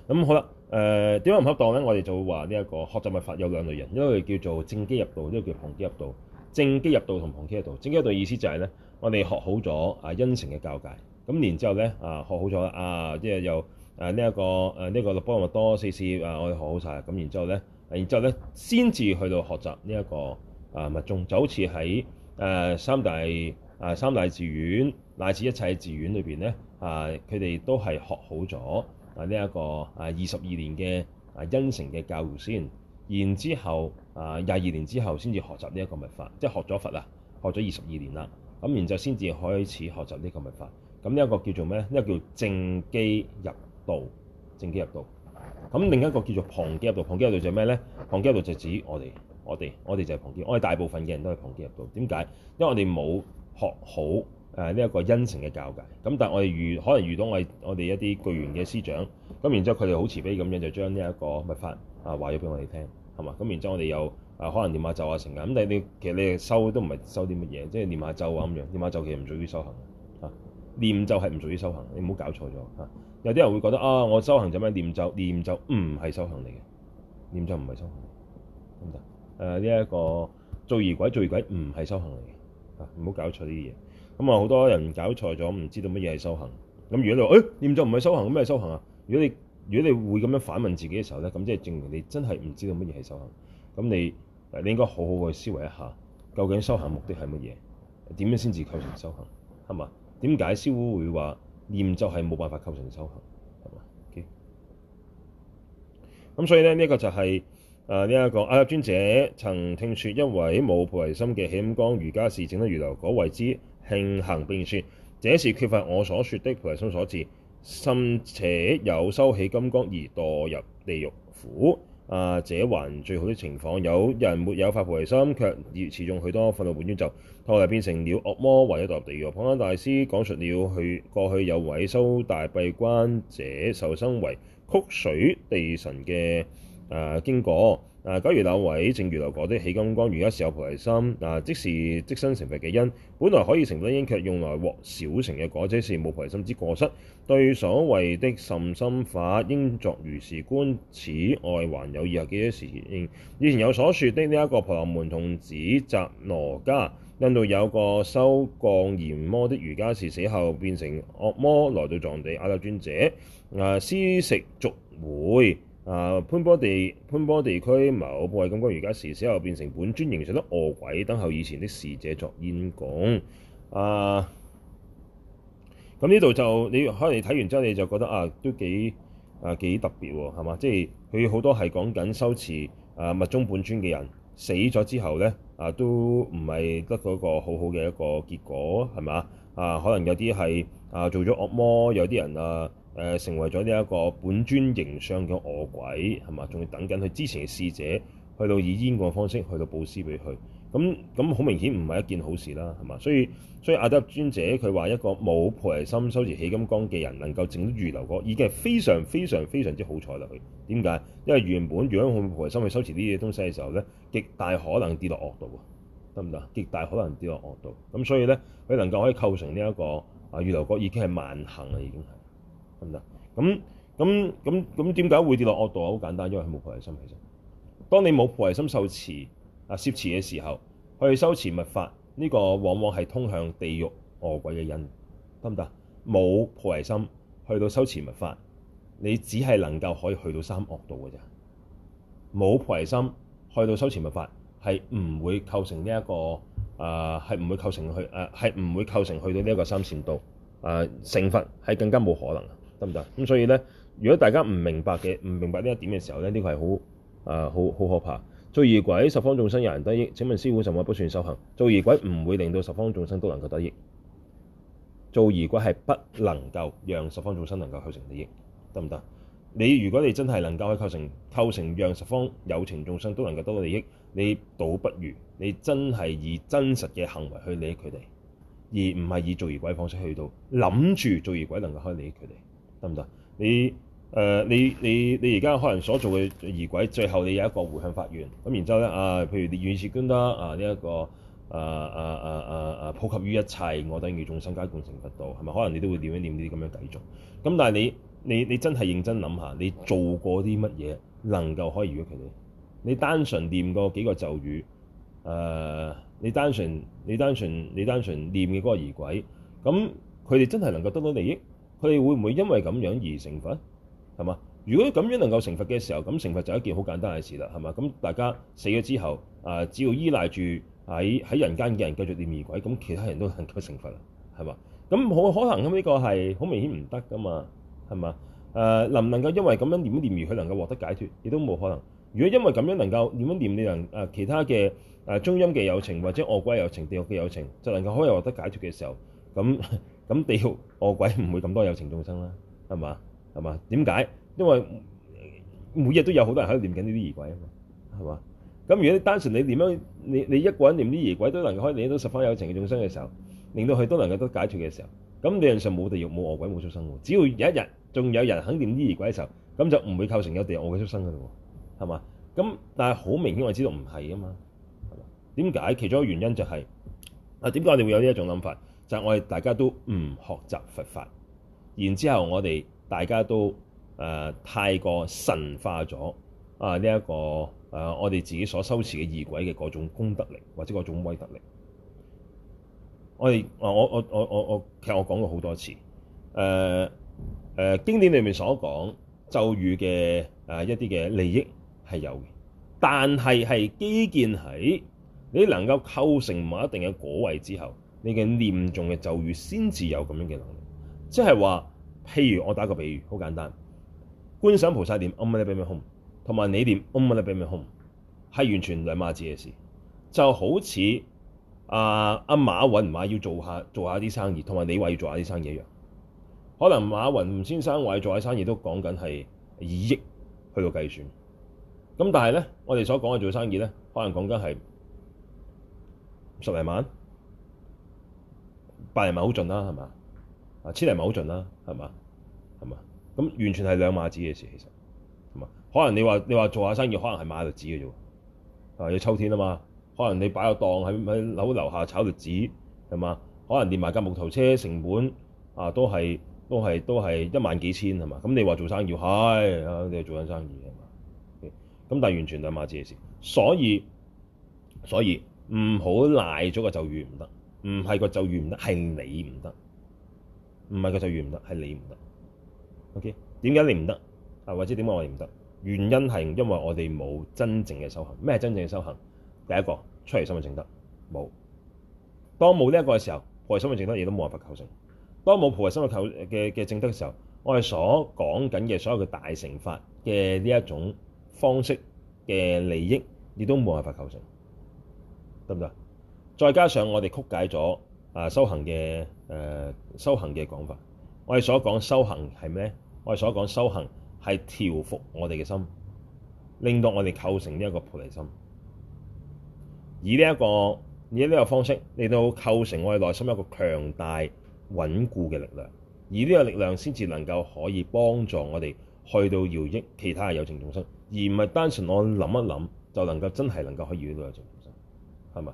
咁好啦，誒點解唔恰當咧？我哋就會話呢一個學習密法有兩類人，一個叫做正機入道，一個叫旁機入道。正機入道同旁機入道，正機入道意思就係咧，我哋學好咗啊，恩承嘅教戒，咁然之後咧啊，學好咗啊，即係又啊呢一個啊呢個六波羅蜜多四事業啊，我哋學好晒。咁然之後咧，然之後咧，先至去到學習呢一個啊密宗，就好似喺誒三大誒、啊、三大寺院乃至一切寺院裏邊咧啊，佢哋都係學好咗啊呢一、這個啊二十二年嘅啊恩承嘅教育先，然之後。啊！廿二年之後先至學習呢一個密法，即係學咗佛啊，學咗二十二年啦。咁然之後先至開始學習呢個密法。咁呢一個叫做咩？呢個叫正機入道。正機入道。咁另一個叫做旁機入道。旁機入道就係咩咧？旁機入道就指我哋，我哋，我哋就係旁機。我哋大部分嘅人都係旁機入道。點解？因為我哋冇學好誒呢一個恩情嘅教戒。咁但係我哋遇可能遇到我哋我哋一啲具緣嘅師長。咁然之後佢哋好慈悲咁樣就將呢一個密法啊話咗俾我哋聽。係嘛？咁然之後我哋又啊，可能念下咒啊、成啊。咁但係你其實你係修都唔係修啲乜嘢，即係念下咒啊咁樣。念下咒其實唔屬於修行，啊唸咒係唔屬於修行，你唔好搞錯咗啊！有啲人會覺得啊，我修行就咩念咒，念咒唔係修行嚟嘅，念咒唔係修行，咁啊誒呢一個做儀軌、做儀軌唔係修行嚟嘅，啊唔好搞錯呢啲嘢。咁啊，好多人搞錯咗，唔知道乜嘢係修行。咁如果你話誒唸咒唔係修行，咩係修行啊？如果你如果你會咁樣反問自己嘅時候咧，咁即係證明你真係唔知道乜嘢係修行。咁你你應該好好去思維一下，究竟修行的目的係乜嘢？點樣先至構成修行？係嘛？點解師傅會話念咒係冇辦法構成修行？係嘛？OK。咁所以咧，呢、這、一個就係誒呢一個阿底峽尊者曾聽說一位冇菩提心嘅喜金剛瑜伽士，證得預流果，為之慶幸，並說：這是缺乏我所說的菩提心所致。甚且有修喜金剛而墮入地獄府。啊！這還最好的情況，有人沒有發菩提心，卻而持中許多忿怒本尊咒，後來變成了惡魔，或者墮入地獄。帕繃喀大師講述了去過去有位修大閉關者受生為曲水地神嘅。誒、啊、經過誒，假如那位證預流果的喜金剛，瑜伽士有菩提心，啊，即是即身成佛嘅因。本來可以成佛嘅因，卻用來獲小乘嘅果，這是無菩提心之過失。對所謂的甚深法，應作如是觀。此外，還有以下幾多事。以前有所說的呢一、這個婆羅門童子雜羅迦，印度有個修降閻摩的瑜伽士，死後變成惡魔，來到藏地，阿底峽尊者，誒、啊，施食驅回。啊！潘波地，潘波地區某怖畏金剛瑜伽師，死後變成本尊形成得餓鬼，等候以前的侍者作煙供。啊！咁呢度就你可能你睇完之後你就覺得啊，都幾啊幾特別喎、哦，係嘛？即係佢好多係講緊修持啊密宗本尊嘅人死咗之後咧啊，都唔係得嗰個好好嘅一個結果，係嘛？啊，可能有啲係啊做咗惡魔，有啲人啊。誒、呃、成為咗呢一個本尊形象嘅餓鬼係嘛？仲要等緊佢之前嘅侍者去到以煙供方式去到布施俾佢，咁咁，好明顯唔係一件好事啦係嘛？所以所以阿底峽尊者佢話一個冇菩提心修持喜金剛嘅人能夠整預流果已經係非常非常非常之好彩啦！佢點解？因為原本如果佢菩提心去修持呢啲東西嘅時候咧，極大可能跌落惡道喎，得唔得啊？極大可能跌落惡道。咁，所以咧佢能夠可以構成呢、這、一個啊預流果已經係萬幸啦，已經係。唔得，咁咁咁咁點解會跌落惡道？啊？好簡單，因為佢冇菩提心其實。當你冇菩提心受持啊攝持嘅時候，去修持密法呢個往往係通向地獄惡鬼嘅因。得唔得？冇菩提心去到修持密法，你只係能夠可以去到三惡道嘅啫。冇菩提心去到修持密法係唔會構成呢一個啊係唔會構成去啊係唔會構成去到呢一個三善道。啊、呃、成佛係更加冇可能。得唔得？咁所以咧，如果大家唔明白嘅，唔明白呢一點嘅時候咧，呢、這個係好啊，好、呃、好可怕。做儀軌十方眾生有人得益。請問師父，什麼不算修行？做儀軌唔會令到十方眾生都能夠得益。做儀軌係不能夠讓十方眾生能夠構成利益，得唔得？你如果你真係能夠去構成構成，構成讓十方有情眾生都能夠得到利益，你倒不如你真係以真實嘅行為去利益佢哋，而唔係以做儀軌方式去到諗住做儀軌能夠去利益佢哋。得唔得？你誒、呃、你你你而家可能所做嘅儀軌，最後你有一個回向法院。咁然之後咧啊、呃，譬如你願持官得啊呢一個誒誒誒誒誒普及於一切，我等與眾生皆共成佛道，係咪？可能你都會念一念呢啲咁樣偈做。咁但係你你你真係認真諗下，你做過啲乜嘢能夠可以懲罰佢哋？你單純念過幾個咒語，誒、呃，你單純你單純你單純唸嘅嗰個儀軌，咁佢哋真係能夠得到利益？佢哋會唔會因為咁樣而成佛？係嘛？如果咁樣能夠成佛嘅時候，咁成佛就一件好簡單嘅事啦，係嘛？咁大家死咗之後，啊、呃，只要依賴住喺喺人間嘅人繼續念疑鬼，咁其他人都能夠成佛啦，係嘛？咁好可能咁呢個係好明顯唔得噶嘛，係嘛？誒，能唔能夠因為咁樣念一念而佢能夠獲得解脫，亦都冇可能。如果因為咁樣能夠念一念，你能誒其他嘅誒中陰嘅有情或者惡鬼有情、地獄嘅有情，就能夠可以獲得解脫嘅時候，咁。咁地獄餓鬼唔會咁多有情眾生啦，係嘛，係嘛？點解？因為每日都有好多人喺度念緊呢啲儀軌啊嘛，係嘛？咁如果你單純你點樣，你你一個人念啲儀軌都能夠可以令到十方有情眾生嘅時候，令到佢都能夠得解脱嘅時候，咁理論上冇地獄冇餓鬼冇出生喎。只要有一日仲有人肯念啲儀軌嘅時候，咁就唔會構成有地獄餓鬼出生噶咯，係嘛？咁但係好明顯我知道唔係啊嘛，係嘛？點解？其中一個原因就係、是、啊，點解我哋會有呢一種諗法？就係我哋大家都唔學習佛法，然之後我哋大家都、呃、太過神化咗啊！呢、呃、一、這個、呃、我哋自己所修持嘅儀軌嘅嗰種功德力或者嗰種威德力，我哋我我我我我我其實我講過好多次誒誒、呃呃、經典裡面所講咒語嘅誒一啲嘅利益係有嘅，但係係基建喺你能夠構成某一定嘅果位之後。你嘅念誦嘅咒語先至有咁樣嘅能力，即係話，譬如我打個比喻，好簡單，觀想菩薩念嗡嘛呢叭咪吽，同埋你念嗡嘛呢叭咪吽，係完全兩碼子嘅事。就好似阿阿馬雲話要做下做下啲生意，同埋你話要做下啲生意一樣，可能馬雲先生話要做下啲生意都講緊係以億去到計算，咁但係咧，我哋所講嘅做生意咧，可能講緊係十零萬。百人萬好盡啦，係嘛？啊，千人萬好盡啦，係嘛？係嘛？咁完全係兩碼子嘅事，其實係嘛？可能你話你話做下生意，可能係買栗子嘅啫喎。啊，要秋天啊嘛，可能你擺個檔喺喺樓樓下炒栗子，係嘛？可能連埋架木頭車，成本啊都係都係都係一萬幾千係嘛？咁你話做生意，係啊，你係做緊生意係嘛？咁但係完全兩碼子嘅事，所以所以唔好賴咗個咒語唔得。唔係個就業唔得，係你唔得。唔係個就業唔得，係你唔得。OK，點解你唔得？啊，或者點解我哋唔得？原因係因為我哋冇真正嘅修行。咩係真正嘅修行？第一個出離心嘅證德冇。當冇呢一個嘅時候，菩提心嘅證德亦都冇辦法構成。當冇菩提心嘅構嘅嘅證德嘅時候，我哋所講緊嘅所有嘅大乘法嘅呢一種方式嘅利益，亦都冇辦法構成，得唔得？再加上我哋曲解咗啊、呃、修行嘅誒、呃、修行嘅講法，我哋所講修行係咩？我哋所講修行係調伏我哋嘅心，令到我哋構成呢一個菩提心，以呢一個以呢個方式嚟到構成我哋內心一個強大穩固嘅力量，以呢個力量先至能夠可以幫助我哋去到搖益其他嘅有情眾生，而唔係單純我諗一諗就能夠真係能夠可以搖益到有情眾生，係咪？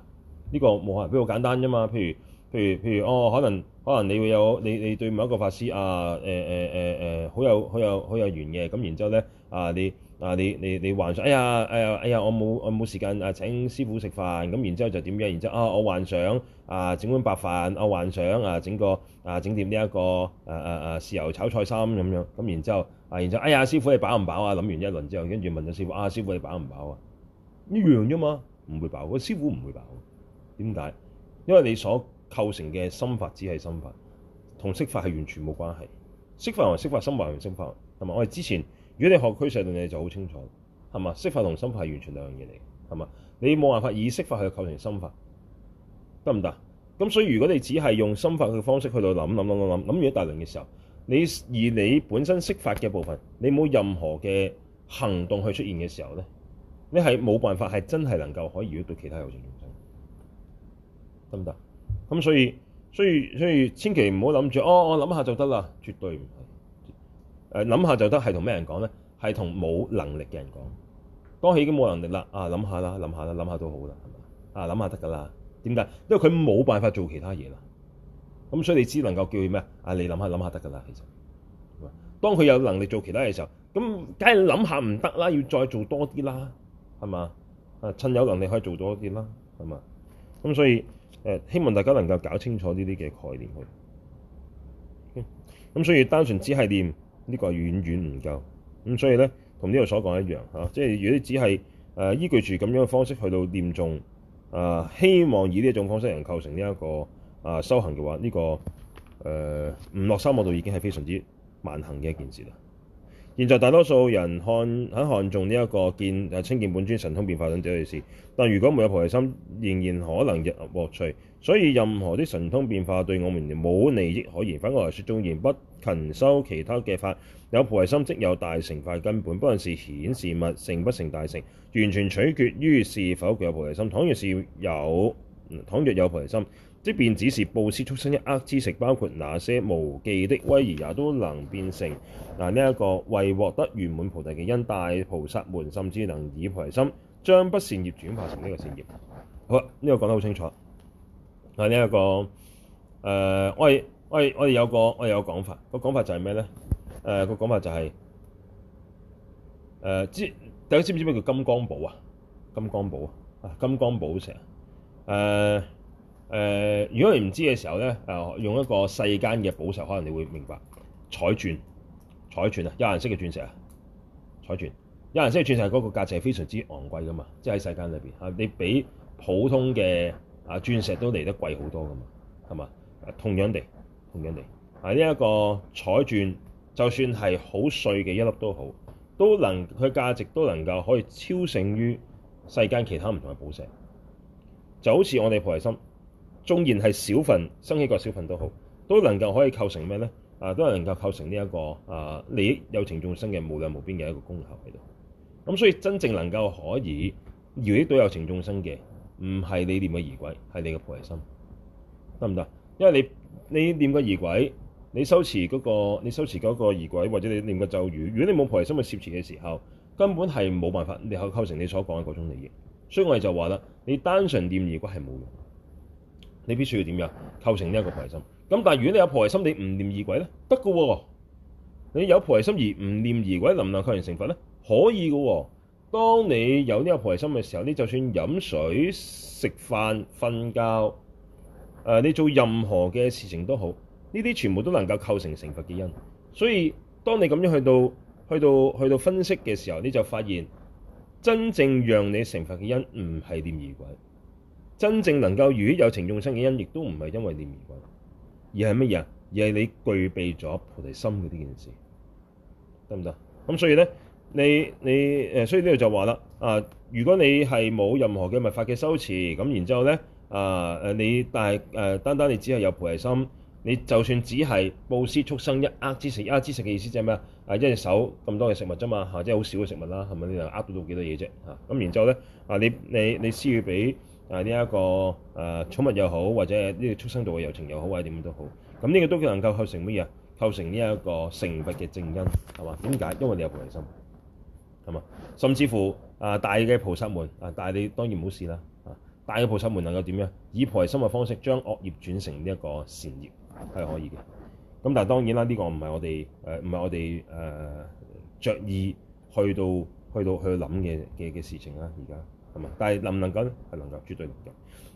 呢個冇可能，比較簡單啫嘛。譬如譬如譬如，哦，可能可能你會有你你對某一個法師啊，誒誒誒誒，好、呃呃、有好有好有緣嘅。咁然之後咧啊，你啊你你你幻想，哎呀哎呀哎呀，我冇我冇時間啊請師傅食飯。咁然之後就點樣？然之後啊，我幻想啊整碗白飯，我幻想啊整、這個啊整碟呢一個誒誒誒豉油炒菜心咁樣。咁然之後啊，然之後哎呀師傅你飽唔飽啊？諗完一輪之後，跟住問咗師傅啊師傅你飽唔飽啊？一樣啫嘛，唔會飽，個師傅唔會飽。點解？因為你所構成嘅心法只係心法，同色法係完全冇關係。色法同色法，心法同色法，係嘛？我哋之前如果你學俱舍論你就好清楚，係嘛？色法同心法係完全兩樣嘢嚟，係嘛？你冇辦法以色法去構成心法，得唔得？咁所以如果你只係用心法嘅方式去到諗諗諗諗諗諗，如果大輪嘅時候，你而你本身色法嘅部分，你冇任何嘅行動去出現嘅時候咧，你係冇辦法係真係能夠可以影響到其他有情。得唔得？咁、嗯、所以所以所以千祈唔好諗住哦，我諗下就得啦，絕對唔係，誒諗下就得係同咩人講咧？係同冇能力嘅人講。當佢已經冇能力啦，啊諗下啦，諗下啦，諗下都好啦，係嘛？啊諗下得㗎啦。點解？因為佢冇辦法做其他嘢啦。咁、嗯、所以你只能夠叫佢咩啊？你諗下諗下得㗎啦，其實，係嘛？當佢有能力做其他嘢時候，咁梗係諗下唔得啦，要再做多啲啦，係嘛？啊，趁有能力可以做多啲啦，係嘛？咁、嗯、所以。誒希望大家能夠搞清楚呢啲嘅概念去，咁、嗯、所以單純只係念呢、這個係遠遠唔夠，咁所以咧同呢度所講一樣嚇、啊，即係如果你只係誒、呃、依據住咁樣嘅方式去到念誦啊，希望以呢一種方式嚟構成呢、這、一個啊修行嘅話，呢、這個誒唔、呃、落心悟道已經係非常之萬幸嘅一件事啦。現在大多數人看很看重呢一個見親見本尊、神通變化等這類事，但如果沒有菩提心，仍然可能入惡趣。所以任何的神通變化對我們冇利益可言。反過嚟說，縱然不勤修其他嘅法，有菩提心即有大乘法根本。不論是顯是密，成不成大乘，完全取決於是否具有菩提心。倘若是有，倘若有菩提心。即便只是布施畜生一握之食，包括那些無記的威儀，也都能變成嗱呢一個為獲得圓滿菩提嘅因。大菩薩們甚至能以菩提心將不善業轉化成呢個善業。好呢、呢個講得好清楚。嗱呢一個誒、呃，我哋我哋我哋有個我哋有個講法，個講法就係咩咧？誒、呃個講法就係、是、誒、呃、知大家知唔知咩叫金剛寶,金寶啊？金剛寶啊，金剛寶石誒。誒、呃，如果你唔知嘅時候咧，誒、呃、用一個世間嘅寶石，可能你會明白，彩鑽彩鑽啊，有顏色嘅鑽石啊，彩鑽有顏色嘅鑽石嗰個價值係非常之昂貴噶嘛，即係喺世間裏邊啊，你比普通嘅啊鑽石都嚟得貴好多噶嘛，係嘛、啊？同樣地，同樣地啊，呢、這、一個彩鑽就算係好碎嘅一粒都好，都能佢價值都能夠可以超勝於世間其他唔同嘅寶石，就好似我哋菩提心。縱然係小份生起個小份都好，都能夠可以構成咩咧？啊，都能夠構成呢、這、一個啊利益有情眾生嘅無量無邊嘅一個功效喺度。咁所以真正能夠可以利益到有情眾生嘅，唔係你念嘅儀軌，係你嘅菩提心得唔得？因為你你念個儀軌，你修持嗰、那個你修持嗰個儀軌，或者你念個咒語，如果你冇菩提心去攝持嘅時候，根本係冇辦法你可以構成你所講嘅嗰種利益。所以我哋就話啦，你單純念儀軌係冇用。你必須要點樣構成呢一個菩提心？咁但係如果你有菩提心，你唔念儀軌咧，得嘅喎。你有菩提心而唔念儀軌，能唔能構成成佛咧？可以嘅喎。當你有呢個菩提心嘅時候，你就算飲水、食飯、瞓覺，誒，你做任何嘅事情都好，呢啲全部都能夠構成成佛嘅因。所以當你咁樣去到去到去到分析嘅時候，你就發現真正讓你成佛嘅因唔係念儀軌。真正能夠如許有情眾生嘅因，亦都唔係因為念而講，而係乜嘢啊？而係你具備咗菩提心嘅呢件事，得唔得？咁所以咧，你你誒，所以呢度就話啦，啊，如果你係冇任何嘅密法嘅修持，咁然之後咧，啊誒，你但係誒，單單你只係有菩提心，你就算只係布施畜生一握之食，一握之食嘅意思即係咩啊？啊，一隻手咁多嘅食物啫嘛，嚇、啊，即係好少嘅食物啦，係咪？你又握到到幾多嘢啫？嚇、啊，咁然之後咧，啊，你你你需要俾。啊！呢、這、一個誒寵、呃、物又好，或者呢個畜生道嘅友情又好，或者點都好，咁呢個都叫能夠構成乜嘢？構成呢一個成佛嘅正因，係嘛？點解？因為你有菩提心，係嘛？甚至乎啊大嘅菩薩們啊，大啊但你當然唔好試啦。大嘅菩薩們能夠點樣？以菩提心嘅方式將惡業轉成呢一個善業係可以嘅。咁但係當然啦，呢、這個唔係我哋誒唔係我哋誒著意去到去到去諗嘅嘅嘅事情啦，而家。係嘛？但係能唔能夠咧？係能夠，絕對能夠。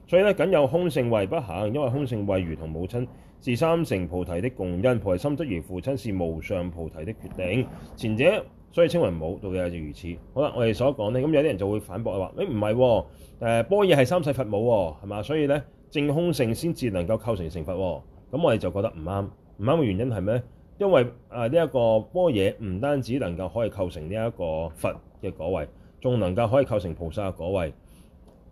所以咧，僅有空性慧不行，因為空性慧如同母親，是三乘菩提的共因，菩提心則如父親，是無上菩提的決定。前者所以稱為母，道理就如此。好啦，我哋所講咧，咁有啲人就會反駁話：誒唔係，喎、欸，般若係三世佛母喎、哦，係嘛？所以咧，正空性先至能夠構成成佛、哦。咁我哋就覺得唔啱，唔啱嘅原因係咩？因為呢一、呃這個般若唔單止能夠可以構成呢一個佛嘅果位。仲能夠可以構成菩薩嘅果位，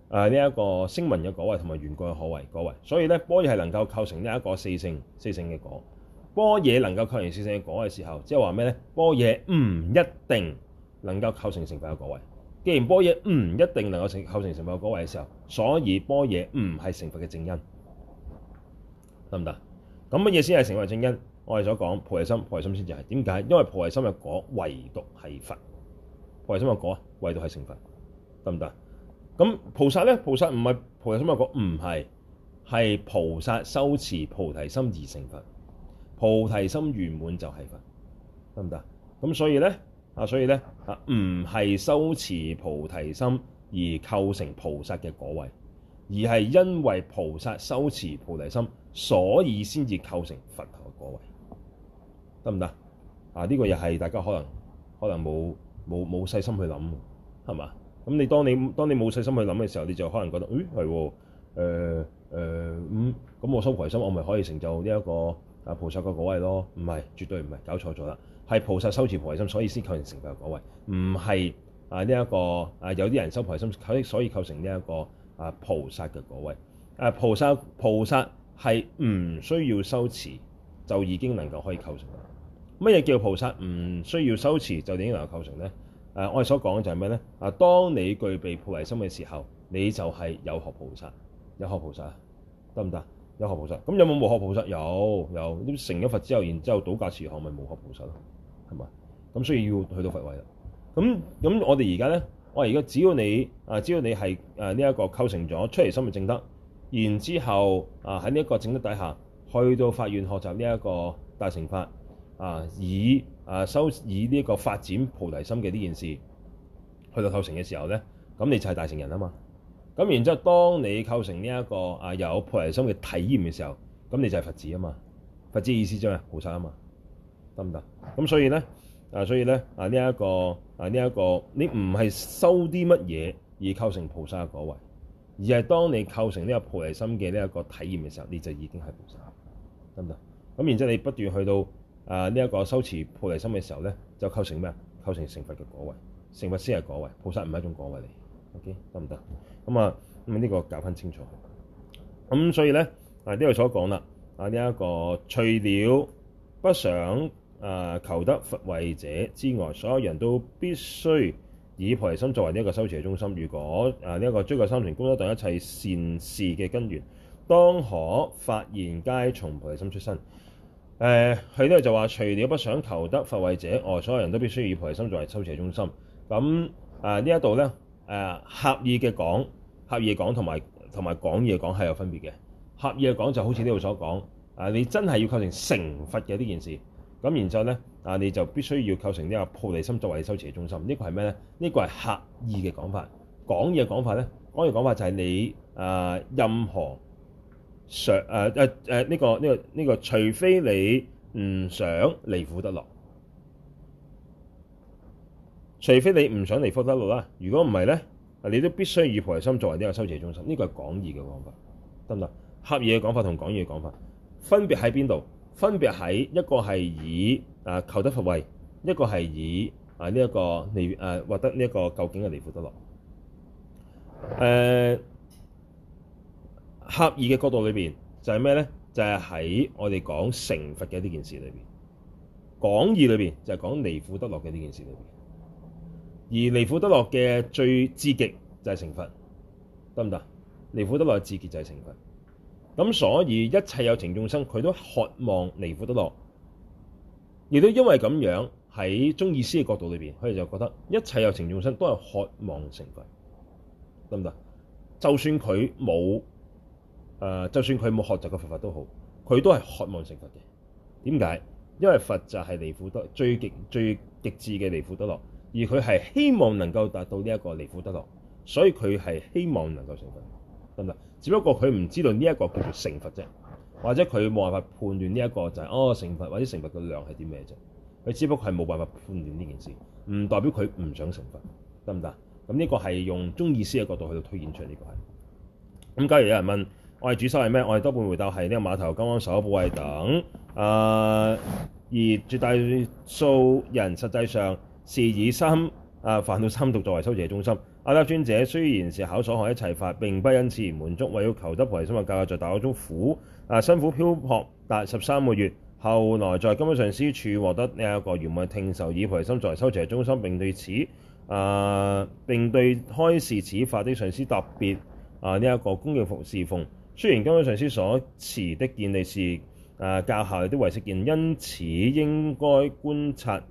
誒呢一個聲聞嘅果位同埋緣覺嘅果位果位，所以咧，般若係能夠構成呢一個四性四性嘅果。般若能夠構成四性嘅果嘅時候，即係話咩咧？般若唔一定能夠構成成佛嘅果位。既然般若唔一定能夠成構成成佛嘅果位嘅時候，所以般若唔係成佛嘅正因，得唔得？咁乜嘢先係成為正因？我哋所講菩提心，菩提心先就係點解？因為菩提心嘅果唯獨係佛菩提心嘅果。位都係成佛，得唔得？咁菩薩咧，菩薩唔係菩提心嘅果，唔係係菩薩修持菩提心而成佛，菩提心圓滿就係佛，得唔得？咁所以咧啊，所以咧啊，唔係修持菩提心而構成菩薩嘅果位，而係因為菩薩修持菩提心，所以先至構成佛陀嘅果位，得唔得？啊，呢、呢個又係大家可能可能冇冇冇細心去諗。係嘛？咁你當你當你冇細心去諗嘅時候，你就可能覺得，誒係喎，誒誒咁我修菩提心，我咪可以成就呢一個啊菩薩嘅果位咯？唔係，絕對唔係，搞錯咗啦！係菩薩修持菩提心，所以先構成成就果位，唔係啊呢一個啊有啲人修菩提心，所以構成呢一個啊菩薩嘅果位。啊菩薩菩薩係唔需要修持就已經能夠可以構成。乜嘢叫菩薩唔需要修持就已經能夠構成咧？誒、啊，我哋所講嘅就係咩咧？啊，當你具備菩提心嘅時候，你就係有學菩薩，有學菩薩，得唔得？有學菩薩，咁有冇冇學菩薩？有，有。咁成咗佛之後，然之後倒駕慈航，咪冇學菩薩咯，係咪？咁所以要去到佛位啦。咁咁，我哋而家咧，我而家只要你啊，只要你係誒呢一個構成咗出離心嘅證德，然之後啊喺呢一個證德底下，去到法院學習呢一個大乘法。啊，以啊修以呢個發展菩提心嘅呢件事去到構成嘅時候咧，咁你就係大乘人啊嘛。咁然之後，當你構成呢一個啊有菩提心嘅體驗嘅時候，咁你就係佛子啊嘛。佛子意思即係菩薩啊嘛，得唔得？咁所以咧啊，所以咧啊呢一個啊呢一個，你唔係收啲乜嘢而構成菩薩嘅果位，而係當你構成呢個菩提心嘅呢一個體驗嘅時候，你就已經係菩薩，得唔得？咁然之後，你不斷去到。啊！呢、這、一個修持菩提心嘅時候咧，就構成咩啊？構成成佛嘅果位，成佛先係果位，菩薩唔係一種果位嚟。OK，得唔得？咁、嗯、啊，咁、嗯、啊，呢、這個搞翻清楚。咁、嗯、所以咧，啊呢度所講啦，啊呢一、這個除了不想啊求得佛位者之外，所有人都必須以菩提心作為呢一個修持嘅中心。如果啊呢一、這個追究三乘功德等一切善事嘅根源，當可發現皆從菩提心出生。誒佢呢度就話，除了不想求得佛位者外，所有人都必須以菩提心作為修持嘅中心。咁、嗯、啊、呃、呢一度咧，誒合意嘅講、合意嘅講同埋同埋講嘢講係有分別嘅。合意嘅講就好似呢度所講，啊、呃、你真係要構成成佛嘅呢件事，咁然之後咧，啊你就必須要構成呢個菩提心作為修持嘅中心。這個、呢、這個係咩咧？呢個係合意嘅講法。講嘢嘅講法咧，講嘢嘅講法就係你啊、呃、任何。想誒誒誒呢個呢、這個呢、這個，除非你唔想離苦得樂，除非你唔想離福得樂啦。如果唔係咧，你都必須以菩提心作為呢個修持中心。呢、這個係廣義嘅講法，得唔得？狹義嘅講法同廣義嘅講法分別喺邊度？分別喺一個係以啊求得佛位，一個係以啊呢一、這個離誒獲得呢一個究竟嘅離苦得樂。誒、啊。刻意嘅角度裏邊就係咩咧？就係、是、喺、就是、我哋講成佛嘅呢件事裏邊，廣義裏邊就係、是、講離苦得樂嘅呢件事裏邊。而離苦得樂嘅最至極就係成佛，得唔得？離苦得樂嘅至極就係成佛。咁所以一切有情眾生佢都渴望離苦得樂，亦都因為咁樣，喺宗義師嘅角度裏邊，佢哋就覺得一切有情眾生都係渴望成佛，得唔得？就算佢冇誒，uh, 就算佢冇學習嘅佛法都好，佢都係渴望成佛嘅。點解？因為佛就係離苦得最極、最極致嘅離苦得樂，而佢係希望能夠達到呢一個離苦得樂，所以佢係希望能夠成佛的，得唔得？只不過佢唔知道呢一個叫做成佛啫，或者佢冇辦法判斷呢一個就係、是、哦成佛或者成佛嘅量係啲咩啫。佢只不過係冇辦法判斷呢件事，唔代表佢唔想成佛，得唔得？咁呢個係用中意思嘅角度去到推演出嚟嘅，咁、這個、假如有人問，我係主修係咩？我係多半回答係呢個馬頭、金剛手、怖畏等。誒、呃，而絕大數人實際上是以心誒煩惱三毒作為修持中心。阿底峽尊者雖然是考所學一切法，並不因此而滿足，為要求得菩提心嘅教誡，在大苦中苦誒、呃、辛苦漂泊達十三個月，後來在根本上師處獲得呢一個圓滿聽受以菩提心作為修持中心，並對此誒、呃、並對開示此法的上師特別誒呢一個恭敬服侍奉。雖然金洲上師所持的見地是、呃、教校啲唯識見，因此應該觀察誒、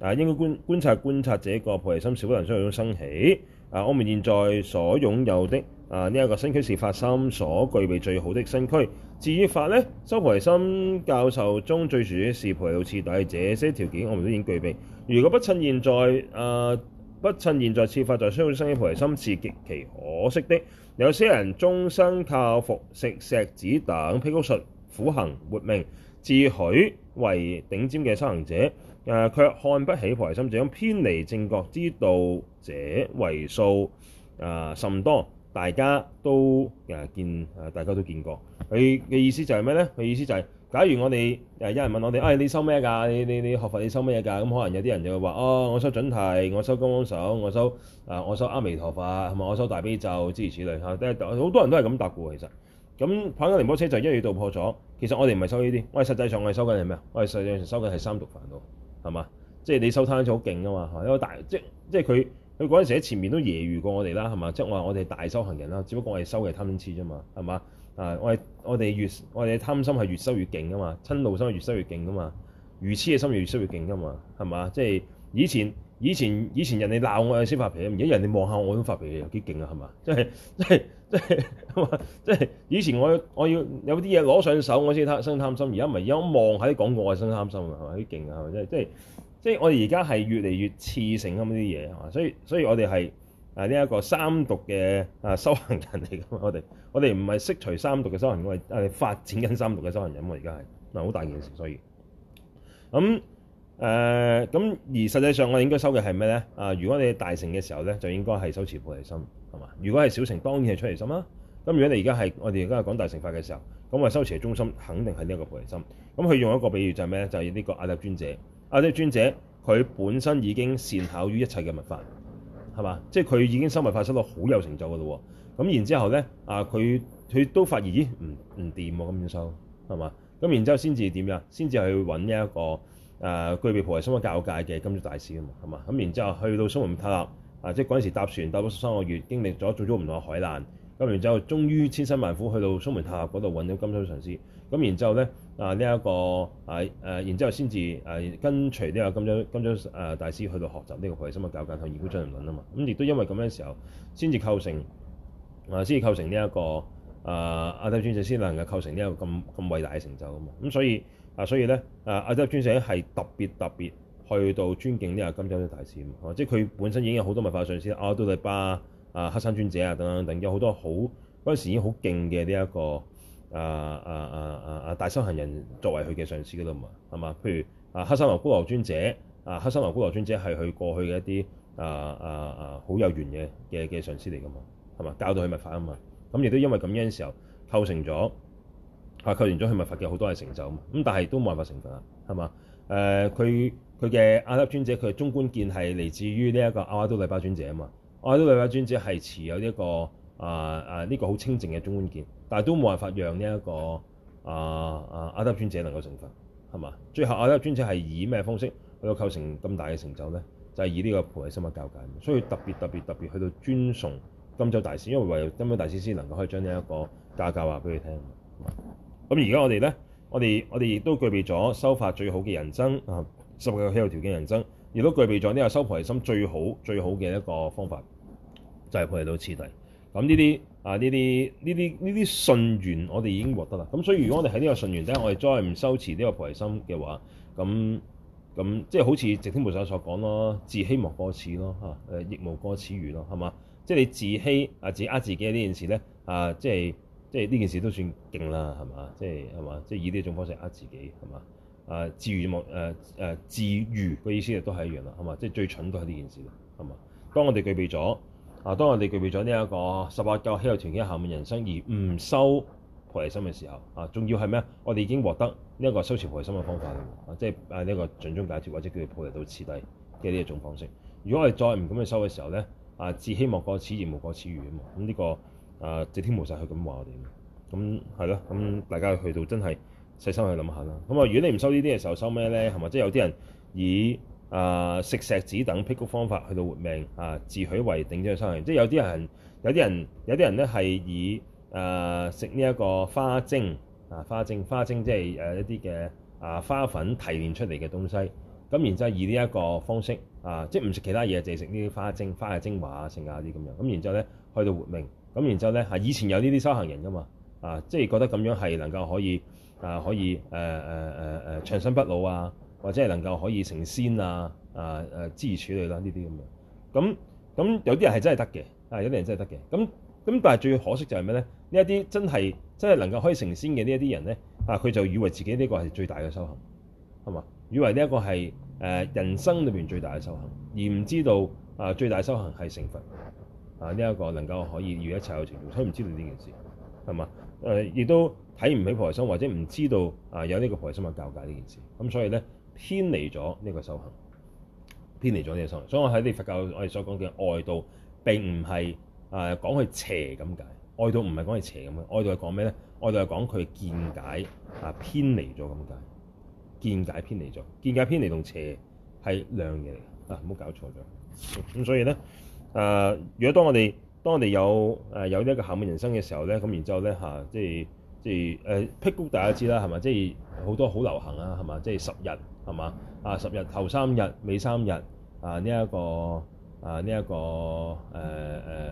呃、應該觀察觀察這個菩提心是否能相續中生起。啊、呃，我們現在所擁有的啊呢一個身軀是發心所具備最好的身軀。至於法呢，修菩提心教授中最主要的是菩提道次第，這些條件我們都已經具備。如果不趁現在誒、呃、不趁現在設法在相續中生起菩提心是極其，其可惜的。有些人終身靠服食石子等辟穀術苦行活命，自詡為頂尖嘅修行者，誒、呃、卻看不起菩提心，這種偏離正覺之道者為數啊、呃、甚多，大家都誒、呃、見誒、呃、大家都見過，佢嘅意思就係咩咧？佢意思就係、是。假如我哋誒有人問我哋，啊你收咩㗎？你你你學佛你收咩嘢㗎？咁、嗯、可能有啲人就會話，哦，我收準提，我收金剛手，我收、呃、我收阿彌陀佛，係咪我收大悲咒，諸如此類嚇。即係好多人都係咁答喎，其實。咁帕繃喀仁波切就一語道破咗。其實我哋唔係收呢啲，我哋實際上我哋收緊係咩啊？我哋實際上收緊係三毒煩惱，係嘛、就是啊？即係你收貪癡好勁啊嘛，因為大即即係佢佢嗰陣時喺前面都揶揄過我哋啦，係嘛？即係話我哋大修行人啦，只不過我哋收嘅貪癡啫嘛，係嘛？啊！我哋我哋越我哋貪心係越收越勁噶嘛，親怒心係越收越勁噶嘛，愚痴嘅心越收越勁噶嘛，係嘛？即係以前以前以前人哋鬧我先發脾氣，而家人哋望下我都發脾氣，有幾勁啊？係嘛？即係即係即係即係以前我我要有啲嘢攞上手我先貪生貪心，而家唔係，而家望喺廣告我先貪心啊？係咪好勁啊？係咪即係即係即係我哋而家係越嚟越痴性咁啲嘢啊？所以所以我哋係。啊！呢一個三毒嘅啊修行人嚟噶嘛？我哋我哋唔係識除三毒嘅修行人，我哋係發展緊三毒嘅修行人喎。而家係嗱，好、啊、大件事，所以咁誒咁。而實際上，我哋應該修嘅係咩咧？啊，如果你大乘嘅時候咧，就應該係修持菩提心，係嘛？如果係小乘，當然係出離心啦、啊。咁如果你而家係我哋而家係講大乘法嘅時候，咁話修持中心，肯定係呢一個菩提心。咁佢用一個比喻就係咩咧？就係、是、呢個阿底峽尊者。阿底峽尊者佢本身已經善巧於一切嘅物法，係嘛？即係佢已經生埋發生到好有成就嘅嘞喎，咁然之後咧，啊佢佢都發現，咦唔唔掂喎咁樣收，係嘛？咁然之後先至點樣？先至去揾呢一個誒、呃、具備菩提心嘅教界嘅金洲大師啊嘛，係嘛？咁然之後去到蘇門答臘啊，即係嗰時搭船搭咗十三個月，經歷咗做咗唔同嘅海難。咁然之後，終於千辛萬苦去到蘇門塔嗰度揾到金洲上師。咁然之後咧，啊呢一、這個啊誒，然之後先至誒跟隨呢個金洲金洲誒大師去到學習呢個菩提心嘅教教，同二股真言論啊嘛。咁亦都因為咁樣時候，先至構成啊，先至構成呢、這、一個啊阿底峽尊者先能夠構成呢個咁咁偉大嘅成就啊嘛。咁所以啊，所以咧啊，所以呢啊阿底峽尊者咧係特別特別去到尊敬呢個金洲嘅大師啊，即係佢本身已經有好多文化上師啊多麗巴。啊，黑山尊者啊，等等等，有好多好嗰陣時已經好勁嘅呢一個啊啊啊啊啊大修行人作為佢嘅上師嘅喇嘛，係嘛？譬如啊，黑山羅睺羅尊者，啊，黑山羅睺羅尊者係佢過去嘅一啲啊啊啊好有緣嘅嘅嘅上師嚟噶嘛，係嘛？教到佢密法啊嘛，咁亦都因為咁樣時候構成咗啊構成咗佢密法嘅好多嘅成就啊嘛，咁但係都冇辦法成佛啊，係嘛？誒，佢佢嘅阿勒尊者，佢嘅中觀見係嚟自於呢一個阿瓦都禮巴尊者啊嘛。阿底峽尊者係持有一、這個啊啊呢、這個好清淨嘅中觀見，但係都冇辦法讓呢、這、一個啊啊阿底峽尊者能夠成佛，係嘛？最後阿底峽尊者係以咩方式去到構成咁大嘅成就咧？就係、是、以呢個菩提心嘅教授，所以特別特別特別去到尊崇金洲大師，因為唯有金洲大師先能夠可以將呢一個教授話俾你聽。咁而家我哋咧，我哋我哋亦都具備咗修法最好嘅人身，啊，適合嘅氣候條件人身，亦都具備咗呢個修菩提心最好最好嘅一個方法。就係菩提道次第，咁呢啲啊，呢啲呢啲呢啲信緣，我哋已經獲得啦。咁所以，如果我哋喺呢個信緣底下，我哋再唔修持呢個菩提心嘅話，咁咁即係好似寂天菩薩所講咯，自欺莫過此咯嚇，誒、啊、亦莫過此語咯，係嘛？即係你自欺啊，自呃自己呢件事咧啊，即係即係呢件事都算勁啦，係嘛？即係係嘛？即係以呢一種方式呃自己係嘛？啊，自愚莫誒誒自愚嘅意思亦都係一樣啦，係嘛？即係最蠢都係呢件事啦，係嘛？當我哋具備咗。啊！當我哋具備咗呢一個十八個希有條件嘅暇滿人生，而唔修菩提心嘅時候，啊，仲要係咩？我哋已經獲得呢一個修持菩提心嘅方法啦、啊，啊，即係誒呢一個掌中解脫，或者叫佢菩提道次第嘅呢一種方式。如果我哋再唔咁去修嘅時候咧，啊，自希望過此而無過此餘啊嘛。咁呢、呢個啊，直天無曬去咁話我哋。咁係咯，咁、啊、大家去到真係細心去諗下啦。咁啊，如果你唔修呢啲嘅時候，修咩咧？係咪？即係有啲人以。啊！食石子等辟穀方法去到活命啊！自許為頂尖嘅修行人，即係有啲人，有啲人，有啲人咧係以啊食呢一個花精啊花精，花精即係誒一啲嘅啊花粉提煉出嚟嘅東西，咁、啊、然之後以呢一個方式啊，即係唔食其他嘢，淨、啊、係食呢啲花精花嘅精華啊，剩啊啲咁樣，咁然之後咧去到活命，咁、啊、然之後咧係、啊、以前有呢啲修行人噶嘛啊，即係覺得咁樣係能夠可以啊可以誒誒誒誒長生不老啊！或者係能夠可以成仙啊啊誒智慧處理啦呢啲咁樣，咁咁有啲人係真係得嘅，啊有啲人真係得嘅，咁咁但係最可惜就係咩咧？呢一啲真係真係能夠可以成仙嘅呢一啲人咧，啊佢就以為自己呢個係最大嘅修行，係嘛？以為呢一個係誒、啊、人生裏面最大嘅修行，而唔知道啊最大嘅修行係成佛，啊呢一、這個能夠可以要一切有情，佢唔知道呢件事，係嘛？誒、啊、亦都睇唔起菩提心，或者唔知道啊有呢個菩提心嘅教誡呢件事，咁、啊、所以咧。偏離咗呢個修行，偏離咗呢個修行，所以我喺呢佛教我哋所講嘅外道並唔係誒講佢邪咁解，外道唔係講佢邪咁嘅，外道係講咩咧？外道係講佢見解啊偏離咗咁解，見解偏離咗，見解偏離同邪係兩樣嘢嚟，啊唔好搞錯咗。咁、嗯、所以咧誒、呃，如果當我哋當我哋有誒、啊、有呢一個暇滿人生嘅時候咧，咁然之後咧嚇、啊，即係。即係誒、呃、辟穀，大家知啦，係嘛？即係好多好流行啊，係嘛？即係十日係嘛？啊十日，頭三日尾三日啊，呢一個啊呢一個誒誒誒誒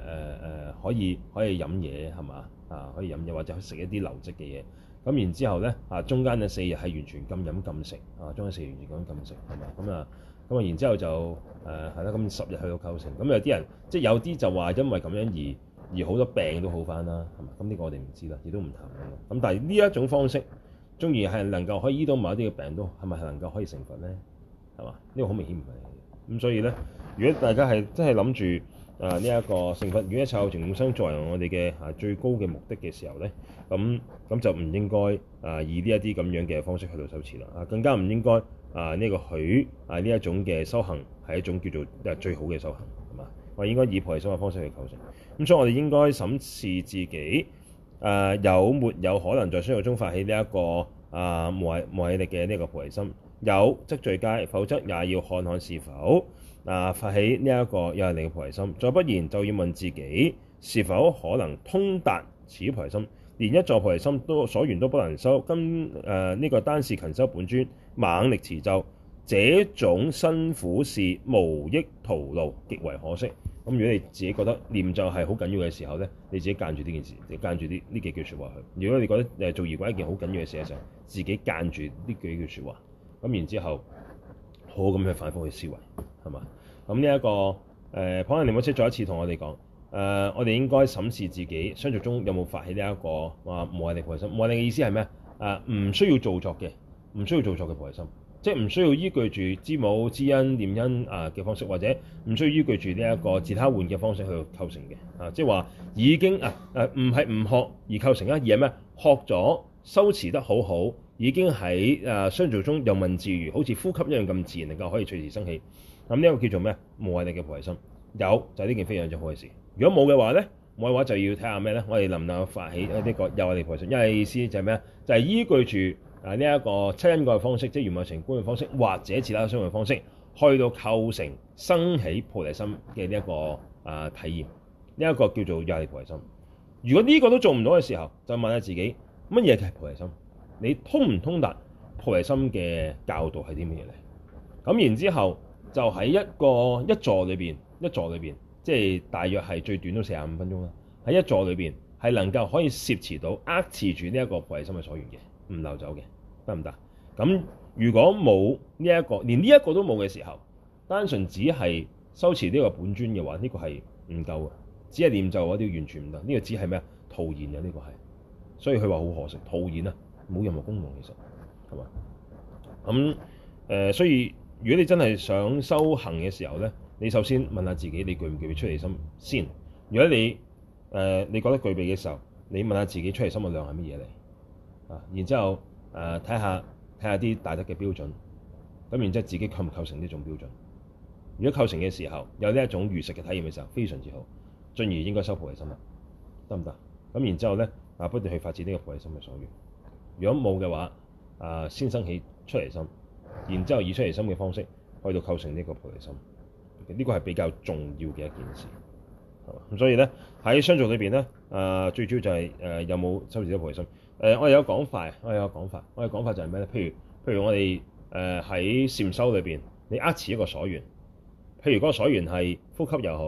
可以可以飲嘢係嘛？啊可以飲嘢或者食一啲流質嘅嘢，咁然之後咧啊，中間嘅四日係完全禁飲禁食啊，中間四日完全禁飲禁食係嘛？咁啊咁啊然之後就誒係啦，咁、啊、十日去到構成，咁有啲人即係有啲就話因為咁樣而而好多病都好翻啦，係嘛？咁呢個我哋唔知啦，亦都唔談。咁但係呢一種方式，縱然係能夠可以醫到某一啲嘅病都係咪係能夠可以成佛咧？係嘛？呢個好明顯唔係。咁所以咧，如果大家係真係諗住啊呢一個成佛果一切有情共生作為我哋嘅、啊、最高嘅目的嘅時候咧，咁咁就唔應該啊以呢一啲咁樣嘅方式去到修持啦。啊，更加唔應該啊呢個許啊呢一種嘅修行係一種叫做最好嘅修行。我應該以菩提心嘅方式去構成，咁所以我哋應該審視自己，誒、呃、有沒有可能在相續中發起呢、這、一個啊、呃、無勵無勵力嘅呢一個菩提心？有則最佳，否則也要看看是否嗱、啊、發起呢、這、一個有勵力嘅菩提心。再不然就要問自己，是否可能通達此菩提心？連一座菩提心都所緣都不能修，咁誒呢個單是勤修本尊，猛力持咒，這種辛苦事無益徒勞，極為可惜。咁如果你自己覺得念咒係好緊要嘅時候咧，你自己間住呢件事，你間住啲呢幾句說話去。如果你覺得做儀軌一件好緊要嘅事嘅時候，自己間住呢幾句說話，咁然之後好咁去反覆去思維，係嘛？咁呢一個誒，普能你摩西再一次同我哋講，誒、呃，我哋應該審視自己相續中有冇發起呢、這、一個話、呃、無勵力的菩提心。無勵力嘅意思係咩啊？唔、呃、需要做作嘅，唔需要做作嘅菩提心。即唔需要依據住知母知恩、念恩啊嘅方式，或者唔需要依據住呢一個自他換嘅方式去構成嘅啊，即係話已經啊啊唔係唔學而構成啊，而係咩學咗修持得好好，已經喺啊相續中有問自如，好似呼吸一樣咁自然能夠㗎，可以隨時生起。咁、啊、呢、這個叫做咩冇勵力嘅菩提心，有就係、是、呢件非常之好嘅事。如果冇嘅話咧，冇嘅話就要睇下咩咧，我哋能唔能夠發起呢個有勵力菩提心？因為意思就係咩啊，就係、是、依據住。誒呢一個七因果嘅方式，即係袁牧晴觀嘅方式，或者其他嘅修行嘅方式，去到構成生起菩提心嘅呢一個誒體驗，呢、這、一個叫做有勵力菩提心。如果呢個都做唔到嘅時候，就問下自己乜嘢叫菩提心？你通唔通達菩提心嘅教導係啲乜嘢咧？咁然之後就喺一個一座裏邊，一座裏邊即係大約係最短都四十五分鐘啦。喺一座裏邊係能夠可以攝持到握持住呢一個菩提心嘅所緣嘅，唔流走嘅。得唔得？咁如果冇呢一個，連呢一個都冇嘅時候，單純只係修持呢個本尊嘅話，呢、這個係唔夠嘅。只係念咒嗰啲完全唔得。呢、這個只係咩啊？這個、徒然嘅呢個係。所以佢話好可惜，徒然啊，冇任何功能的時候。其實係嘛？咁誒、呃，所以如果你真係想修行嘅時候咧，你首先問下自己，你具唔具備出離心先？如果你誒、呃、你覺得具備嘅時候，你問下自己出離心嘅量係乜嘢嚟啊？然之後。誒，睇下睇下啲大德嘅標準，咁然之後自己構唔構成呢種標準？如果構成嘅時候，有呢一種如實嘅體驗嘅時候，非常之好，進而應該修菩提心啦，得唔得？咁然之後咧，啊不斷去發展呢個菩提心嘅所願。如果冇嘅話，啊先升起出離心，然之後以出離心嘅方式去到構成呢個菩提心，呢、這個係比較重要嘅一件事，咁所以咧喺相續裏面咧、呃，最主要就係、是呃、有冇修持到菩提心。呃、我哋有講法，我有講法。我哋講法就係咩咧？譬如譬如我哋誒喺禪修裏面，你握持一個所緣，譬如個個所緣係呼吸又好，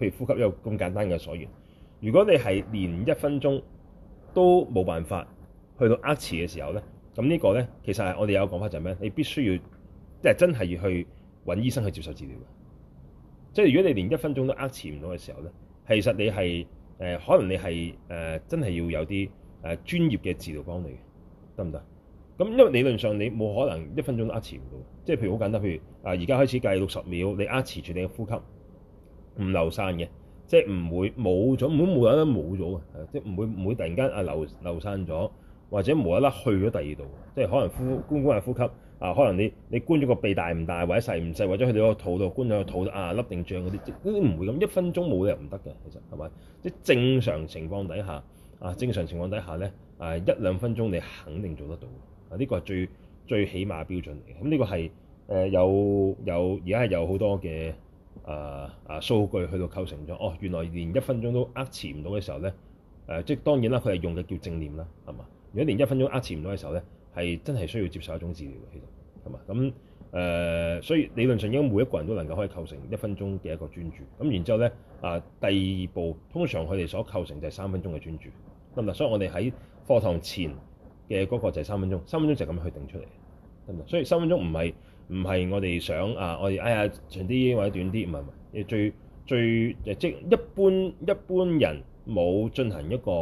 譬如呼吸又咁簡單嘅所緣。如果你係連一分鐘都冇辦法去到握持嘅時候咧，咁呢個咧其實係我哋有講法就係咩？你必須要即係、就是、真係要去搵醫生去接受治療嘅。即係如果你連一分鐘都握持唔到嘅時候咧，其實你係誒、呃、可能你係誒、呃、真係要有啲。誒專業嘅治療幫你，得唔得？咁因為理論上你冇可能一分鐘都呃持唔到，即係譬如好簡單，譬如啊而家開始計六十秒，你呃持住你嘅呼吸，唔流散嘅，即係唔會冇咗，冇冇一粒冇咗，即係唔會唔會突然間啊流散咗，或者冇一粒去咗第二度，即係可能呼觀觀下呼吸，啊可能你你觀咗個鼻大唔大，或者細唔細，或者去到嗰個肚度觀咗個肚啊凹定漲嗰啲，即係唔會咁一分鐘冇就唔得嘅，其實係咪？即正常情況底下。啊，正常情況底下咧，誒一兩分鐘你肯定做得到，啊、這、呢個係最最起碼標準嚟嘅。咁、這、呢個係誒、呃、有有而家係有好多嘅、呃、啊啊數據去到構成咗，哦原來連一分鐘都呃持唔到嘅時候咧，誒、呃、即係當然啦，佢係用嘅叫正念啦，係嘛？如果連一分鐘呃持唔到嘅時候咧，係真係需要接受一種治療嘅，其實係嘛？咁。誒、呃，所以理論上應該每一個人都能夠可以構成一分鐘嘅一個專注，咁然之後咧啊，第二步通常佢哋所構成就係三分鐘嘅專注，得唔得？所以我哋喺課堂前嘅嗰個就係三分鐘，三分鐘就係咁樣去定出嚟，得唔得？所以三分鐘唔係唔係我哋想，啊，我哋哎呀長啲或者短啲，唔係最最即、即係、一般一般人冇進行一個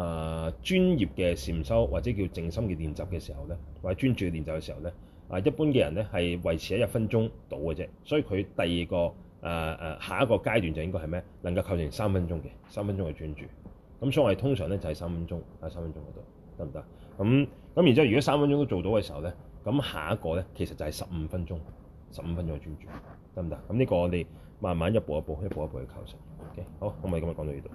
啊、呃、專業嘅禪修或者叫靜心嘅練習嘅時候咧，或者專注嘅練習嘅時候咧。嗱，一般嘅人咧係維持喺一分鐘到嘅啫，所以佢第二個誒誒、呃、下一個階段就應該係咩？能夠構成三分鐘嘅三分鐘嘅專注，咁所以我哋通常咧就係、係、三分鐘喺三分鐘嗰度，得唔得？咁咁然之後，如果三分鐘都做到嘅時候咧，咁下一個咧其實就係十五分鐘，十五分鐘嘅專注得唔得？咁呢個我哋慢慢一步一步，一步一步去構成。OK，好，我哋今日講到呢度。